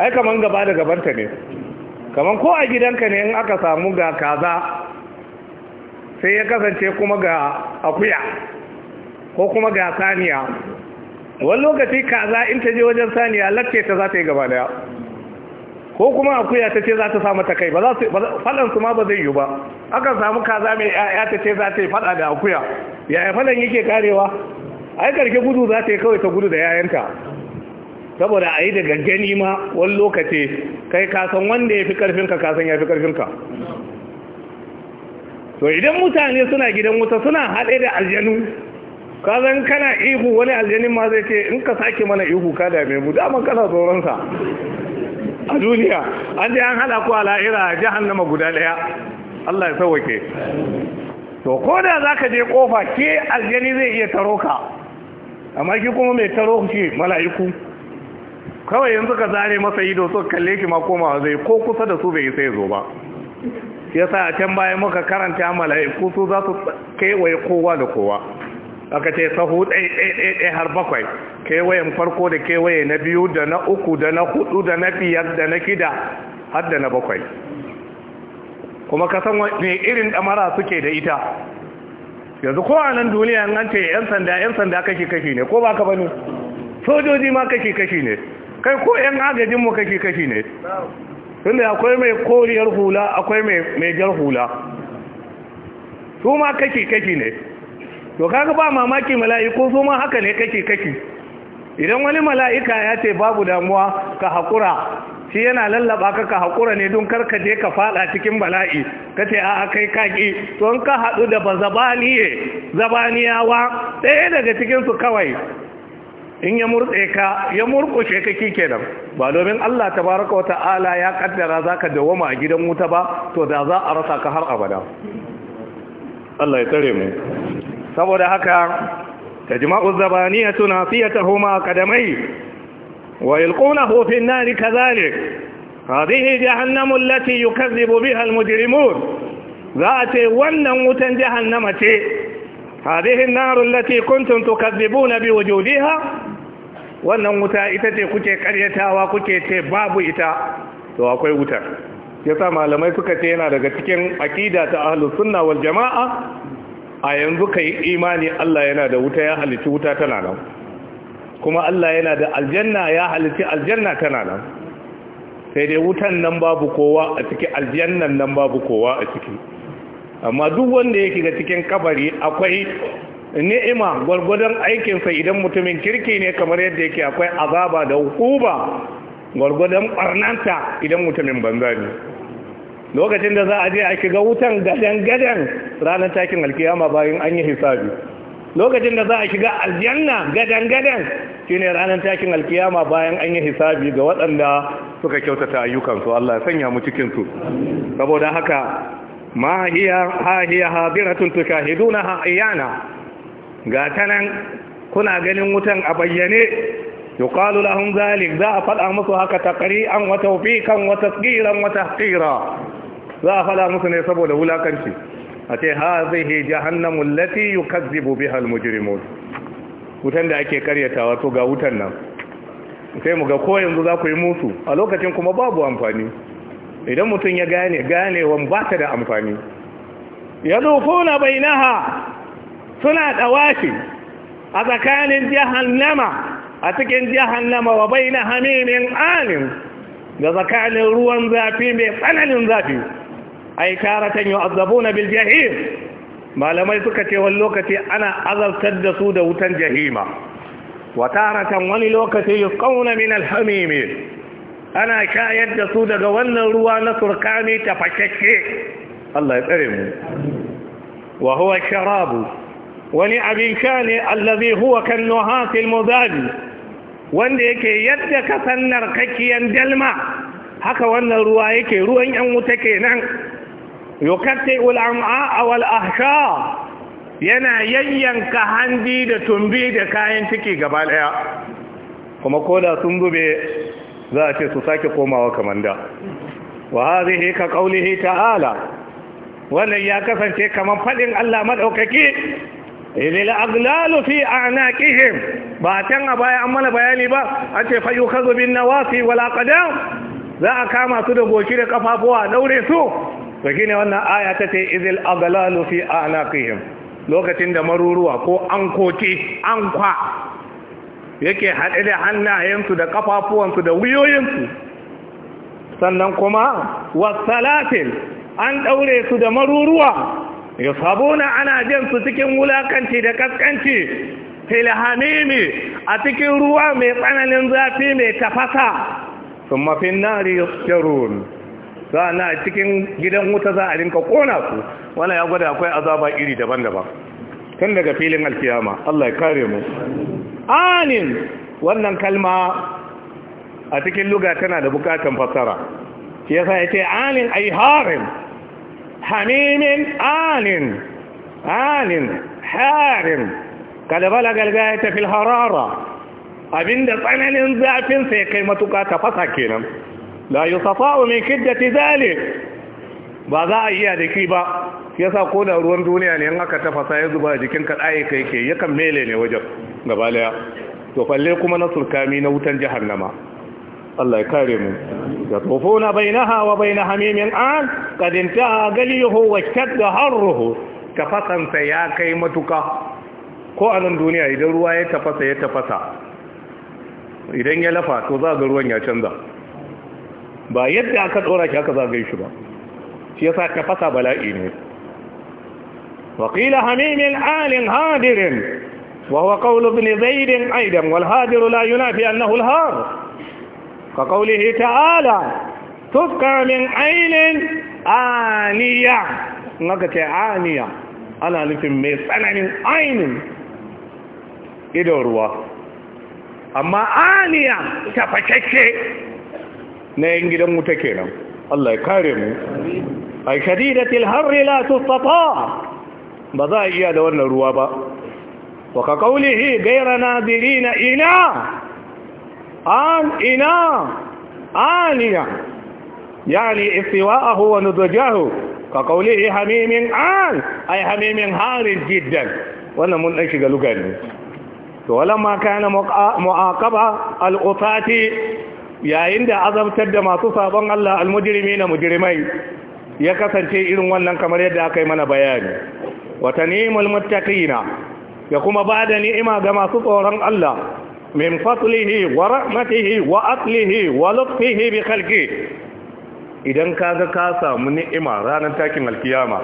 ai kaman gaba da gabanta ne kamar ko a gidanka ne in aka samu ga kaza sai ya kasance kuma ga akuya ko kuma ga saniya wani lokaci kaza in ta je wajen saniya latte ta za ta yi gaba daya ko kuma akuya ta ce za ta samu ta kai Faɗansu ma ba zai yi ba aka samu kaza mai yaya ta ce za ta yi fada da akuya yaya fadan yake karewa ai karke gudu za ta yi kawai ta gudu da yayanta saboda a yi da gaggani ma wani lokaci kai kasan wanda ya fi ƙarfinka kasan ya fi ƙarfinka to idan mutane suna gidan wuta suna haɗe da aljanu kazan kana ihu wani aljanin ma zai ce in ka sake mana ihu ka dame mu daman kana tsoronsa a duniya an je an haɗa ku a la'ira jahannama guda ɗaya Allah ya sauwake to ko da za ka je kofa ke aljani zai iya taro ka amma ki kuma mai taro shi mala'iku kawai yanzu ka zare masa ido so kalle ki ma koma zai ko kusa da su bai sai zo ba yasa a can bayan muka karanta mala'iku su za su kewaye kowa da kowa aka ce sahu ɗai har bakwai kewayen farko da kewaye na biyu da na uku da na hudu da na biyar da na kida har da na bakwai kuma ka san wani irin ɗamara suke da ita yanzu ko a nan duniya an ce 'yan sanda 'yan sanda kashi-kashi ne ko ba ka bane sojoji ma kashi-kashi ne kai ko yan agajinmu kake kashi ne tunda akwai mai koriyar hula akwai mai jar hula su ma kake kashi ne to kaga ba mamaki mala'iku su ma haka ne kake kashi idan wani mala'ika ya ce babu damuwa ka haƙura shi yana lallaba ka ka hakura ne don kar ka je ka fada cikin bala'i kace ce a kai kaki to in ka hadu da ba zabaniyawa ɗaya daga cikinsu kawai in ya murtse ka ya murƙushe ka kenan ba domin Allah tabaraka wata'ala ya kaddara zaka dawoma a gidan wuta ba to da za a rasa ka har abada Allah ya tsare mu saboda haka tajma'u zabaniyatu nasiyatuhuma qadamai wa yalqunahu fi an-nar kadhalik hadhihi jahannamu allati yukazzibu biha al-mujrimun za ce wannan wutan jahannama ce هذه النار التي كنتم تكذبون بوجودها wannan wuta ita ce kuke karyatawa kuke ce babu ita to akwai wutar yasa malamai suka ce yana daga cikin akida ta ahlus sunna wal jama'a a yanzu kai imani Allah yana da wuta ya halici wuta tana nan kuma Allah yana da aljanna ya halici aljanna tana nan sai dai wutan nan babu kowa a ciki aljannan nan babu kowa a ciki amma duk wanda yake ga cikin kabari akwai ni'ima gwargwadon aikinsa idan mutumin kirki ne kamar yadda yake akwai azaba da hukuba gwargwadon barnanta idan mutumin banza ne lokacin da za a je a shiga wutan gadan-gadan ranar takin alkiyama bayan an yi hisabi lokacin da za a shiga aljanna gadan-gadan shine ranar takin alkiyama bayan an yi hisabi ga waɗanda suka kyautata ayyukansu Allah ya sanya mu cikinsu saboda haka ma hiya ha hiya hadiratun na. ga ta nan kuna ganin wutan a bayyane kwalu lahun zalik za a faɗa musu haka wata wa kan wata tsiran wata tsira. za a faɗa musu ne saboda wulakanci a ce zai hazihi jahannamu yi kazi biha halmujirimot wutan da ake karyatawa to ga wutan nan sai mu ga ko yanzu za ku yi musu a lokacin kuma babu amfani idan mutum ya gane ganewan ba ta da amfani ya dukuna bainaha suna dawashi a tsakanin jahannama a cikin jahannama wa baina haminin anin da tsakanin ruwan zafi mai tsananin zafi ai karatan yu'azzabuna bil jahim malamai suka ce wani lokaci ana azabtar da su da wutan jahima wa taratan wani lokaci yusqawna min al-hamimi ana shayar da su daga wannan ruwa na surkani tafashashe Allah ya tsare mu wa huwa sharabu Wani abin ولأبي huwa kan هو كالنهاة wanda yake yadda ka سنر kakiyan dalma haka wannan ruwa yake ruwan yan wuta kenan yukatti ul'am'a wal ahsha yana yayyanka handi da tumbi da kayan ciki gaba daya kuma koda sun zube za a ce su sake komawa kamanda wa hadhihi ka qawlihi ta'ala wannan ya kasance kamar fadin Allah maɗaukaki. idil aglalu fi a'naqihim ba can a baya an mana bayani ba ace ce fayu kazu bin nawasi wal aqdam za a kama su da goki da kafafuwa daure su to wannan aya ta ce idil aglalu fi a'naqihim lokacin da maruruwa ko ankoki ankwa yake haɗe da hannayensu da kafafuwansu da wuyoyinsu sannan kuma wasalatil an ɗaure su da maruruwa Ya sabuna ana jinsu cikin wulakanci da kaskanci fil hamimi a cikin ruwa mai tsananin zafi mai tafasa thumma fin nari a na cikin gidan wuta za a rinka kona su Wani ya gwada akwai azaba iri daban-daban tun daga filin alkiyama Allah ya kare mu anin wannan kalma a cikin luga tana da bukatan fasara shi yasa ce anin ai harin. hamimin anin anin harin kada balagal gaya tafi harara abinda tsananin zafinsa ya kai matuka tafasa kenan la yi mai kiddati zale ba za a iya da ba ya sa ko da ruwan duniya ne in aka tafasa ya zuba jikin ka ɗaye yakan mele ne wajen gabalaya to falle kuma na surkami na wutan jahannama الله يكرمه يطوفون بينها وبين حميم الآن قد انتهى غليه واشتد هره تفصا سيا كيمتك كو أن الدنيا إذا رواية تفصا يتفصا إذا يلفا توضا قروان يشند با يدعا قد أورا شاكذا قيشبا سيسا تفصا بلا إيني وقيل حميم الآل هادر وهو قول ابن زيد أيضا والهادر لا ينافي أنه الهار ka kaulihi ta'ala tuska min ainin aniya naka ce aniya ana nufin mai tsananin ainin idon ruwa amma aniya tafakeke na yin gidan wuta kenan Allah ya kare mu ai shadidatil harri la tustata ba za a iya da wannan ruwa ba wa kaulihi gaira nadirina ina an ina aniya yani istiwa'ahu wa nudajahu ka kauli hamimin an ai hamimin harin jiddan wannan mun ɗan shiga lugar ne to walamma kana mu'aqaba al-utati yayin da azabtar da masu sabon Allah al-mujrimi na mujrimai ya kasance irin wannan kamar yadda aka yi mana bayani wa tanimul muttaqina ya kuma bada ni'ima ga masu tsoron Allah min fadlihi wa rahmatihi wa aqlihi wa lutfihi bi idan kaga ka samu ni'ima ranar takin alkiyama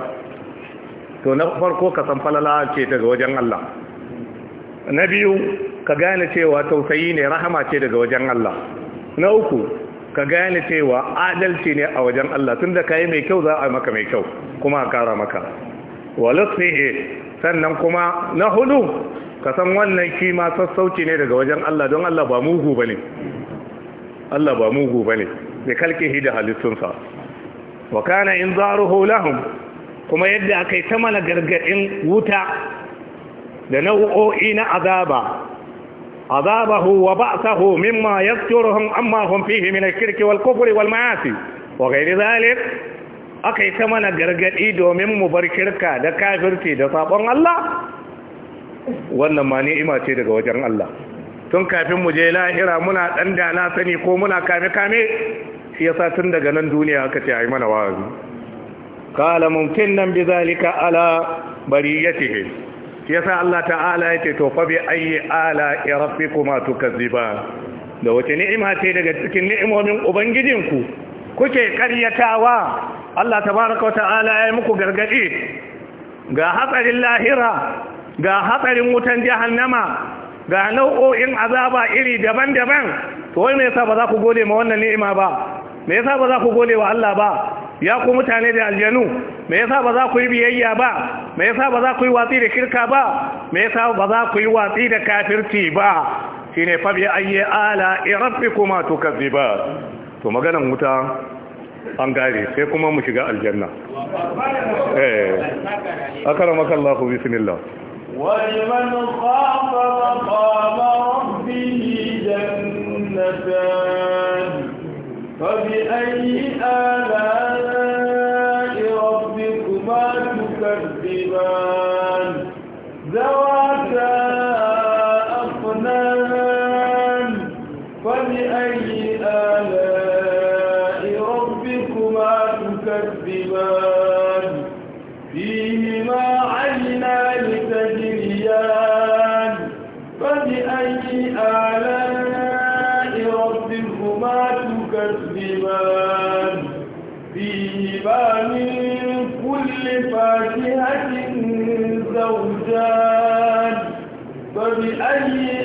to na farko ka san falala ce daga wajen Allah na biyu ka gane cewa tausayi ne rahama ce daga wajen Allah na uku ka gane cewa adalci ne a wajen Allah tunda kai mai kyau za a maka mai kyau kuma a kara maka wa sannan kuma na hudu ka san wannan shi ma sassauci ne daga wajen Allah don Allah ba mugu bane Allah ba mugu bane bi kalkihi da halittunsa wa kana zaru hulahum. kuma yadda aka yi ta mana gargadin wuta da nau'o'i na azaba azabahu wa ba'sahu mimma yasturuhum amma hum fihi min al-kirki wal kufri wal ma'asi wa ghairi zalik aka yi ta mana gargadi domin mu bar kirka da kafirci da sabon Allah wannan ma ni'ima ce daga wajen Allah tun kafin mu je lahira muna dan da na sani ko muna kame kame shi yasa tun daga nan duniya aka ce ai mana wa'azi qala bi zalika ala bariyatihi shi yasa Allah ta'ala yace to fa bi ayi ala rabbikuma tukazziban da wace ni'ima ce daga cikin ni'imomin ubangijinku kuke karyatawa Allah tabaraka ta'ala ya yi muku gargadi ga hatsarin lahira ga hatsarin wutan jahannama ga nau'o'in azaba iri daban-daban to wai me yasa ba za ku gode ma wannan ni'ima ba me yasa ba za ku gode wa Allah ba ya ku mutane da aljanu me yasa ba za ku yi biyayya ba me yasa ba za ku yi watsi da kirka ba me yasa ba za ku yi watsi da kafirci ba shine fa bi ayyi ala rabbikuma tukazziba to maganan wuta an gare sai kuma mu shiga aljanna eh akara makallahu bismillah ولمن خاف مقام ربه جنتان فبأي آلاء ربكما تكذبان ذواتا أصنام فبأي آلاء ربكما تكذبان فيهما عينان تجريان الرجال فبأي آلاء ربكما تكذبان فيهما من كل فاكهة زوجان فبأي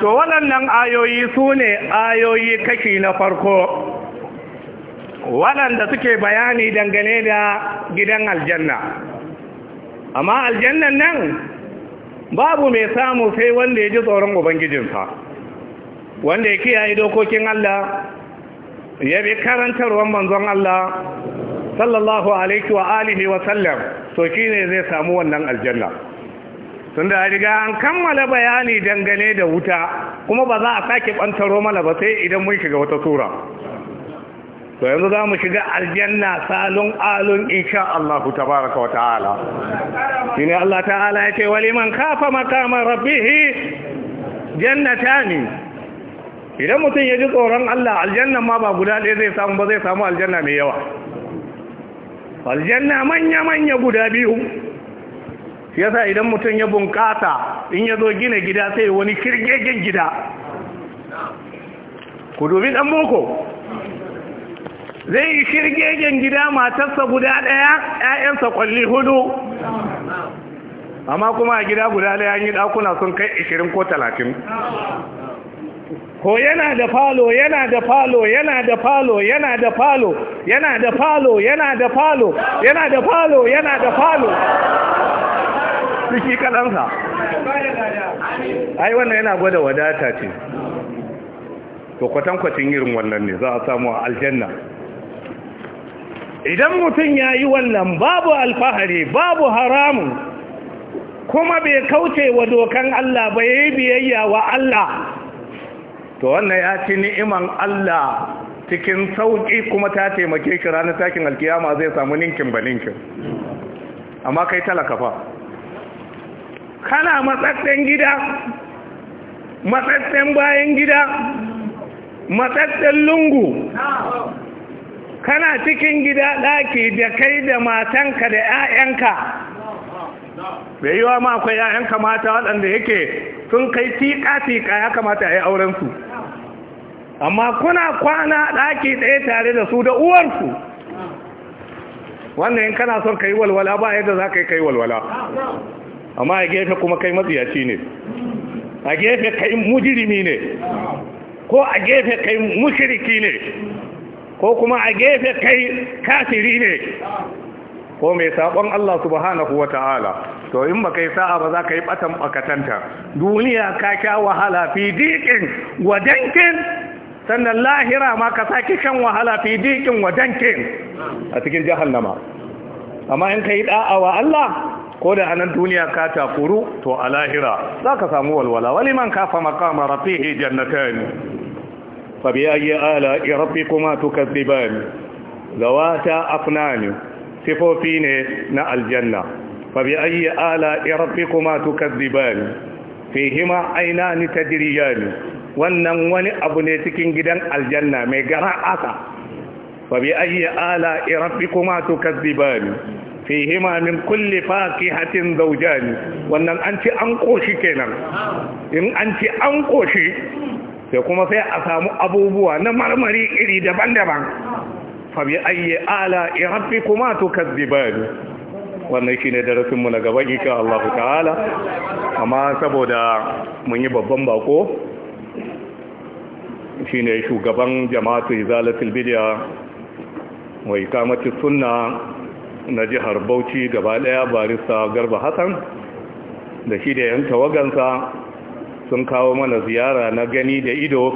to waɗannan ayoyi su ne ayoyi kashi na farko waɗanda suke bayani dangane da gidan aljanna amma aljannan nan babu mai samu sai wanda ya ji tsoron ubangijinsa wanda ya kiyaye dokokin Allah ya bi karantarwar manzon Allah sallallahu alaihi wa alihi wa sallam to shine zai samu wannan aljanna tunda riga an kammala bayani dangane da wuta kuma ba za a sake bantaro mana ba sai idan mun shiga wata sura to yanzu za mu shiga aljanna salon alun insha Allah tabaraka wa ta'ala Ina Allah ta'ala ya ce waliman kafa maqama rabbih ne. idan mutum ya ji tsoron Allah aljanna ma ba guda ɗaya zai samu ba zai samu aljanna mai yawa aljanna manya manya guda biyu yasa idan mutum ya bunƙasa in ya zo gina gida sai wani kirgegen gida ku dubi dan boko zai yi shirgegen gida matarsa guda ɗaya ‘ya'yansa kwalli hudu amma kuma a gida guda ɗaya yi ɗakuna sun kai ishirin ko talatin ko yana da falo yana da falo yana da falo yana da falo yana da falo yana da falo yana da falo yana da falo ciki kaɗansa ai wannan yana gwada wadata ce to kwatankwacin irin wannan ne za a samu a aljanna idan mutum ya yi wannan babu alfahari babu haramun kuma bai kauce wa dokan Allah ba ya yi biyayya wa Allah to wannan ya ci ni'iman Allah cikin sauƙi kuma ta taimake shi ranar takin alkiyama zai samu ninkin ba ninkin amma kai talaka fa kana matsatsen gida matsatsen bayan gida matsatsen lungu kana cikin gida ɗaki da kai da matanka da 'ya'yanka bai yi wa ma akwai 'ya'yanka mata waɗanda yake sun kai tiƙa-tiƙa ya kamata a yi aurensu amma kuna kwana ɗaki ɗaya tare da su da uwarsu wannan yin kana son ka yi walwala ba yadda za ka yi kai walwala amma a gefe kuma kai matsiyaci ne a gefe kai mujirimi ne ko a gefe kai mushiriki ne ko kuma a gefe kai kafiri ne ko mai sabon Allah subhanahu wa ta'ala to in baka yi sa'a ba za ka yi batan bakatanta duniya ka kya wahala fi dikin wa dankin sannan lahira ma ka sake kan wahala fi dikin wa dankin a cikin jahannama amma in ka yi da'a wa Allah ko da anan duniya ka takuru to a lahira za ka samu walwala waliman kafa maqama rafihi jannatani فبأي آلاء ربكما تكذبان ذواتا أفنان صفوفين نا الجنة فبأي آلاء ربكما تكذبان فيهما عينان تجريان wannan wani abu ne cikin gidan aljanna mai gara asa fabi ayi ala rabbikuma tukazzibani fihima min kulli faqihatin zawjani wannan an ci an koshi kenan in an ci an koshi sai kuma sai a samu abubuwa na marmari iri daban-daban fabi ayye ala irabbi kuma tukazzibani wannan shine darasin mu na gaba insha Allah ta'ala amma saboda mun yi babban bako shine shugaban jama'atu izalatul bidya wa ikamatu sunna na jihar Bauchi gaba daya barista Garba Hassan da shi da yan tawagansa sun kawo mana ziyara na gani da ido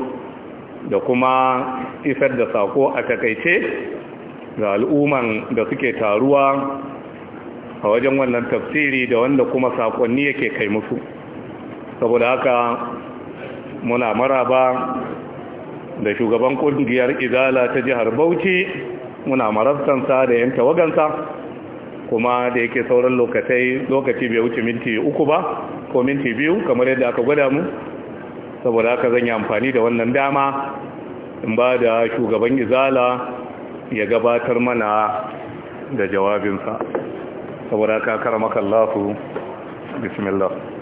da kuma isar da sako a takaice ga al'umman da suke taruwa a wajen wannan tafsiri da wanda kuma sakonni yake kai musu saboda haka muna maraba da shugaban ƙungiyar izala ta jihar bauchi muna marastansa da yin tawagansa kuma da yake sauran lokacin lokaci bai wuce minti uku ba ko minti biyu kamar yadda aka gwada mu saboda aka zan yi amfani da wannan dama in ba da shugaban izala ya gabatar mana da jawabinsa saboda aka haka karamakallahu bismillah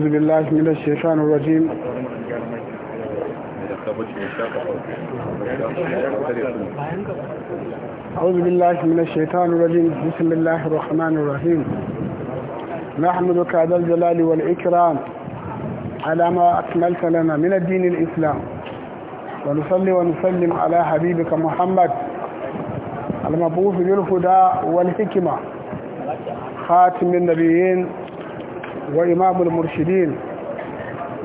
أعوذ بالله من الشيطان الرجيم أعوذ بالله من الشيطان الرجيم بسم الله الرحمن الرحيم نحمدك على الجلال والإكرام على ما أكملت لنا من الدين الإسلام ونصلي ونسلم على حبيبك محمد المبعوث بالهدى والحكمة خاتم النبيين وإمام المرشدين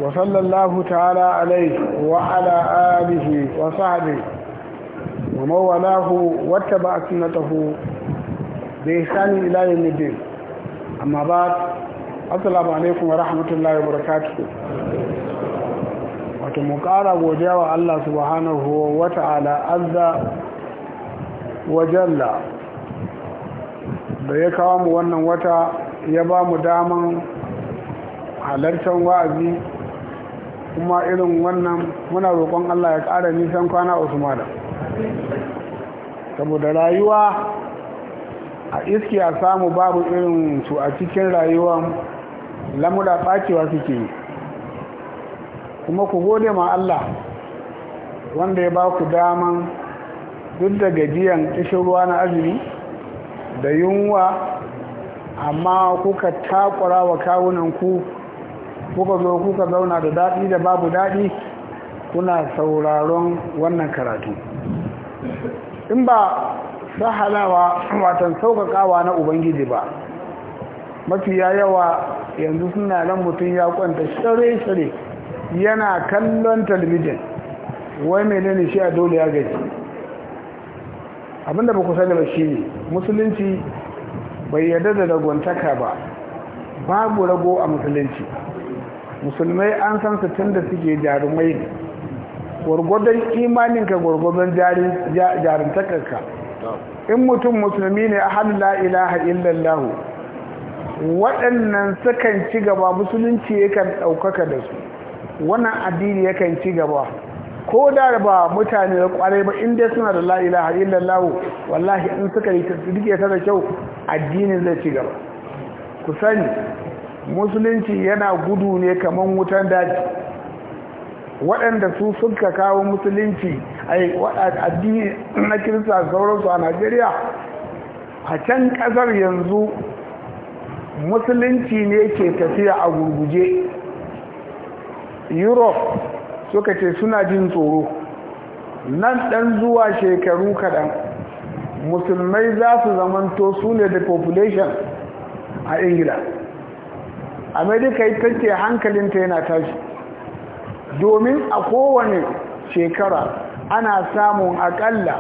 وصلى الله تعالى عليه وعلى آله وصحبه ومن والاه واتبع سنته بإحسان إلى يوم الدين أما بعد assalamu alaikum wa rahmatullahi wa barakatuhu wato mu kara godiya wa Allah subhanahu wa ta'ala da ya kawo mu wannan wata ya ba mu daman halartar wa'azi kuma irin wannan muna roƙon Allah ya ƙara nisan kwana usman saboda rayuwa a iski a samu babu irin su a cikin rayuwa lamura ɓacewa suke yi kuma ku gode ma Allah wanda ya ba ku daman duk da gajiyan ƙishin ruwa na azumi da yunwa amma kuka takura wa kawunan ku. kuka zo kuka zauna da daɗi da babu daɗi kuna sauraron wannan karatu in ba sahalawa watan sauƙaƙawa na ubangiji ba mafiya yawa yanzu suna nan mutum ya kwanta shirye-shirye yana kallon talibijin wai mai menene shi a dole ya gaji abinda ba ku sani ba shi ne musulunci bai yarda da ragontaka ba babu rago a musulunci musulmai an san su tun da suke jarumai ne gwargwadon imaninka gwargwadon jarumtakarka in mutum musulmi ne a halin la'ilaha illallahu waɗannan sukan ci gaba musulunci yakan ɗaukaka da su wannan addini yakan ci gaba ko da ba mutane da kwarai ba inda suna da la'ilaha illallahu wallahi in suka yi duke ta da kyau addinin zai ci gaba ku sani musulunci yana gudu ne kamar wutan daji waɗanda su suka kawo musulunci a addini na kirista sauransu a najeriya a can ƙasar yanzu musulunci ne ke tafiya a gurguje europe suka ce suna jin tsoro nan ɗan zuwa shekaru kaɗan musulmai za su zamanto su ne da population a ingila amerika yi ce hankalinta yana tashi domin a kowane shekara ana samun akalla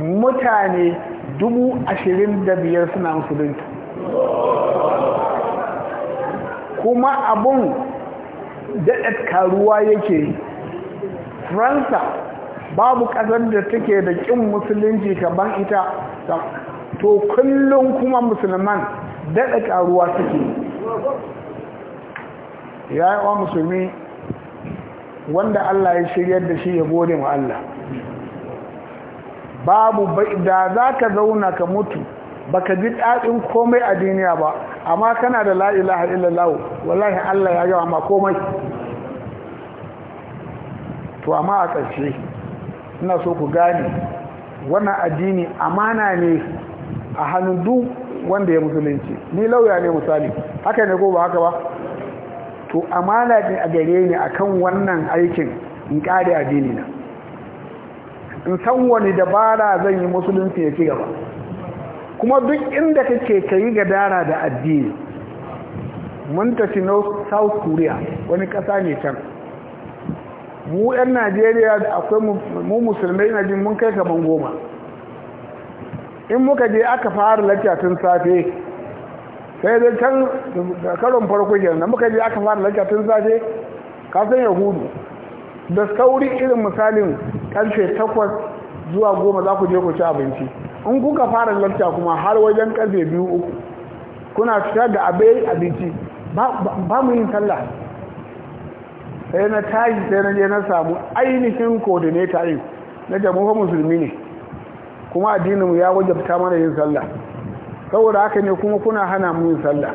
mutane dubu ashirin da biyar suna musulunta kuma abun daɗa karuwa yake faransa babu ƙasar da take da ƙin musulunci kaban ita to kullum kuma musulman daɗa karuwa suke ya yi wa musulmi wanda Allah ya shiryar da shi ya gode wa Allah babu da za ka zauna ka mutu ba ka ji daɗin komai a duniya ba amma kana da la'ilaha illallahu wallahi Allah ya yawa ma komai to amma a ƙarshe ina so ku gane wannan addini amana ne a hannun duk wanda ya musulunci ni lauya ne misali haka ne ko ba haka ba to amana ne a gare ni akan wannan aikin in kare addini na in san wani dabara zan yi musulunci ya ci gaba kuma duk inda kake kayi gadara da addini mun tafi north south korea wani kasa ne can mu 'yan najeriya da akwai mu musulmai na jin mun kai kaman goma in muka je aka fara lacca tun safe sai dai can karon farko kenan muka je aka fara lakka tun kasan ka san yahudu da sauri irin misalin karfe takwas zuwa goma za ku je ku ci abinci in kuka fara lakta kuma har wajen karfe biyu uku kuna fita da abai abinci ba mu yin sallah sai na tashi sai na je na samu ainihin coordinator yin na jami'ar musulmi ne kuma addininmu ya wajabta mana yin sallah saboda haka ne kuma kuna hana mun sallah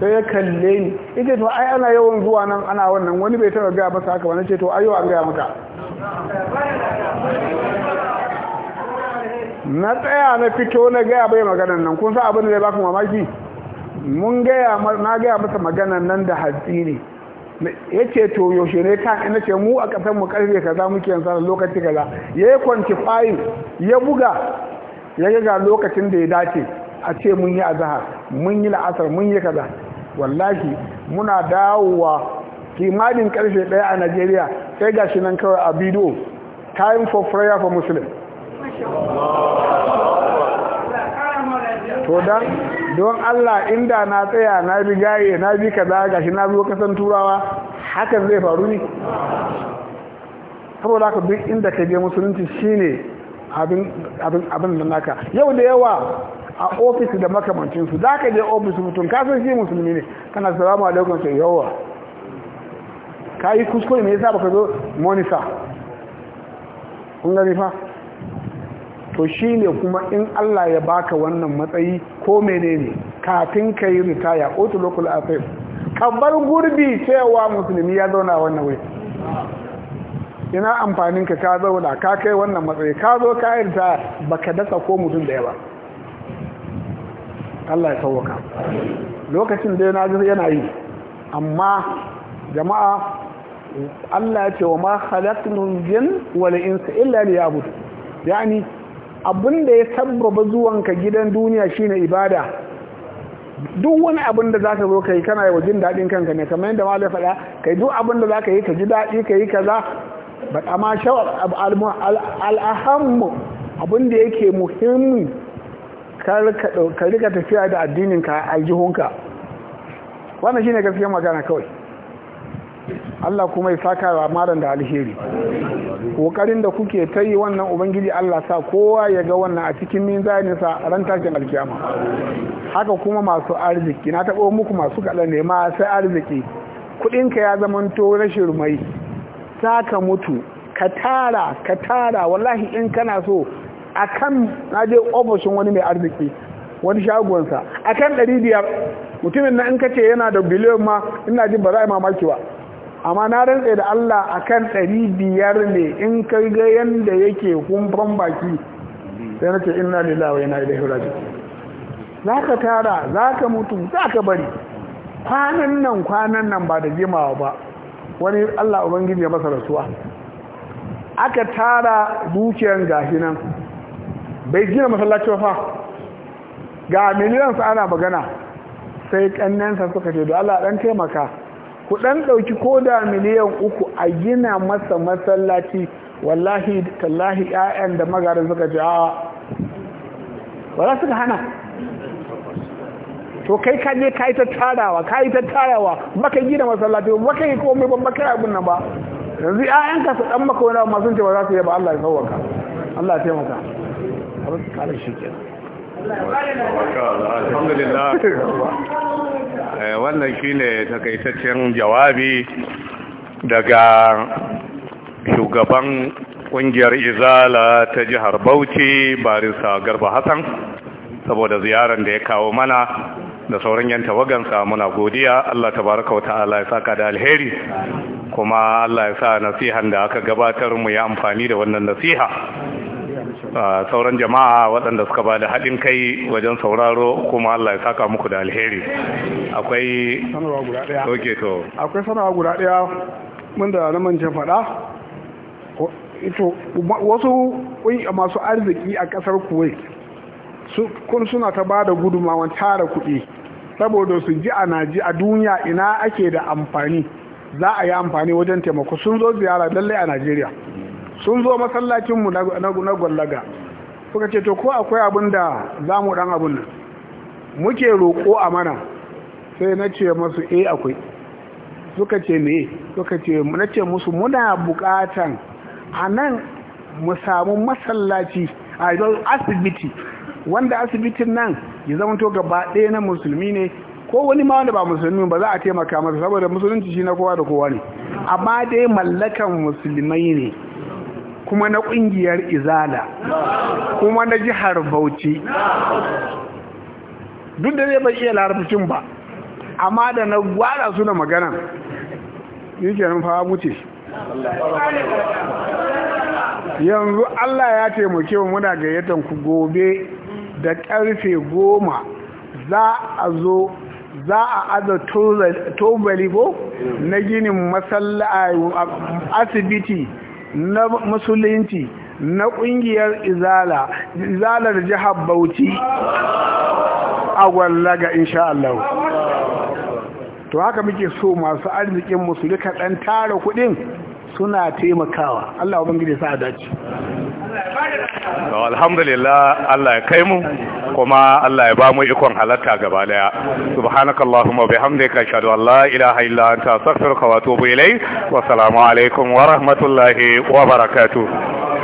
sai ya kalle ni ita to ai ana yawan zuwa nan ana wannan wani bai taba gaya masa haka ba nace to ayo an gaya maka na tsaya na fito na gaya bai maganan nan kun sa abin da zai baka mamaki mun gaya na gaya masa maganan nan da hatsi ne ya ce to yaushe ne ta ina ce mu a ƙasar mu karfe kaza muke yin sallar lokaci kaza ya yi kwantifayin ya buga ya ga lokacin da ya dace a ce mun yi azahar mun yi la'asar mun yi kaza wallahi muna dawowa kimanin karfe daya a Najeriya sai gashi nan kawai a bidiyo time for prayer for muslim to dan don Allah inda na tsaya na bi gaye na bi kaza gashi na zo kasan turawa hakan zai faru ne saboda haka duk inda ka je musulunci shine abin abin abin da naka yau da yawa a ofis da makamancinsu za ka je ofis mutum kasan shi musulmi ne kana salamu alaikun sai yawa ka yi kuskure mai yasa baka zo monisa kun gani fa to shi ne kuma in allah ya baka wannan matsayi ko menene kafin ka yi ritaya otu lokul affairs kabbar gurbi cewa musulmi ya zauna wannan wai ina amfanin ka ka zauna ka kai wannan matsayi ka zo ka yi ritaya baka dasa ko mutum da yawa Allah ya sauwaka lokacin da na jin yana yi amma jama'a Allah ya ce wa ma khalaqnul jin wal insa illa liya'bud yani abinda ya sabbaba ka gidan duniya shine ibada duk wani abin da zaka zo yi kana yawa jin daɗin kanka ne kamar yadda malai faɗa kai duk abin da zaka yi ka ji daɗi ka yi kaza ba amma shawar al'ahammu abin da yake muhimmi ka rika tafiya da addininka a aljihunka wannan shine gaske magana kawai Allah kuma ya saka wa malam da alheri kokarin da kuke ta yi wannan ubangiji Allah sa kowa ya ga wannan a cikin min zayin sa ran tashin alkiyama haka kuma masu arziki na taɓa muku masu kaɗan ne ma sai arziki kuɗinka ya to rashin rumai za mutu ka tara ka tara wallahi in kana so a kan je ofishin wani mai arziki wani shagonsa a kan ɗari biyar mutumin na in ka ce yana da biliyon ma ina jin ba za a yi mamaki ba amma na rantse da Allah a kan ɗari biyar ne in ka ga yadda yake kumfan baki sai na ce ina wa yana da hiraji za ka tara za ka mutu za ka bari kwanan nan kwanan nan ba da jimawa ba wani Allah Ubangiji ya masa rasuwa aka tara dukiyar gashi bai gina masallaci fa ga miliyan sa ana magana sai ƙannensa suka ce da Allah dan taimaka ku dan dauki da miliyan uku a gina masa masallaci wallahi tallahi ƴaƴan da magarin suka ce a wala suka hana to kai ka je kai ta tarawa kai ta tarawa maka gina masallaci baka yi komai ba maka yi abin nan ba yanzu ƴaƴanka su dan maka wani masu ce ba za su yi ba Allah ya sauwaka Allah ya taimaka kamar shi ne eh, wannan takaitaccen jawabi daga shugaban kungiyar izala ta jihar bauchi barisa garba hassan saboda ziyarar da ya kawo mana da sauran yanta wagansa muna godiya allah ta baraka wa ta'ala ya saka da alheri kuma allah ya sa nasihan da aka gabatar mu ya amfani da wannan nasiha sauran jama'a waɗanda suka ba da haɗin kai wajen sauraro kuma Allah ya saka muku da alheri akwai sanarwa guda ɗaya oke to akwai sanarwa guda ɗaya mun da na mance faɗa ito wasu masu arziki a ƙasar kuwait kun suna ta ba da gudumawan tara kuɗi saboda su ji a naji a duniya ina ake da amfani za a yi amfani wajen taimako sun zo ziyara lallai a najeriya sun zo masallacinmu na gwallaga suka ce to ko akwai abin da za mu ɗan abin nan muke roƙo a mana sai na ce masu e akwai suka ce ne suka ce na ce musu muna buƙatan a nan mu samu masallaci a asibiti wanda asibitin nan ya zama to gaba ɗaya na musulmi ne ko wani ma wanda ba musulmi ba za a taimaka masa saboda musulunci shi na kowa da kowa ne amma dai mallakan musulmai ne kuma na ƙungiyar izala kuma na jihar bauchi duk da zai bai iya larabcin ba amma da na gwada su da magana yake nan fa wuce yanzu Allah ya taimake mu muna gayyatan ku gobe da karfe goma za a zo za a aza tobali ko na ginin asibiti na musulunci na kungiyar izala izalar jihar bauchi a gwallaga insha Allah to haka muke so masu arzikin musulika ɗan tara kuɗin suna taimakawa Allah ubangiji sa dace alhamdulillah Allah ya kai mu kuma Allah ya ba mu ikon halatta gaba daya subhanakallahumma bihamdika ashhadu an la ilaha illa anta astaghfiruka wa atubu ilayk wa assalamu alaikum wa rahmatullahi wa barakatuh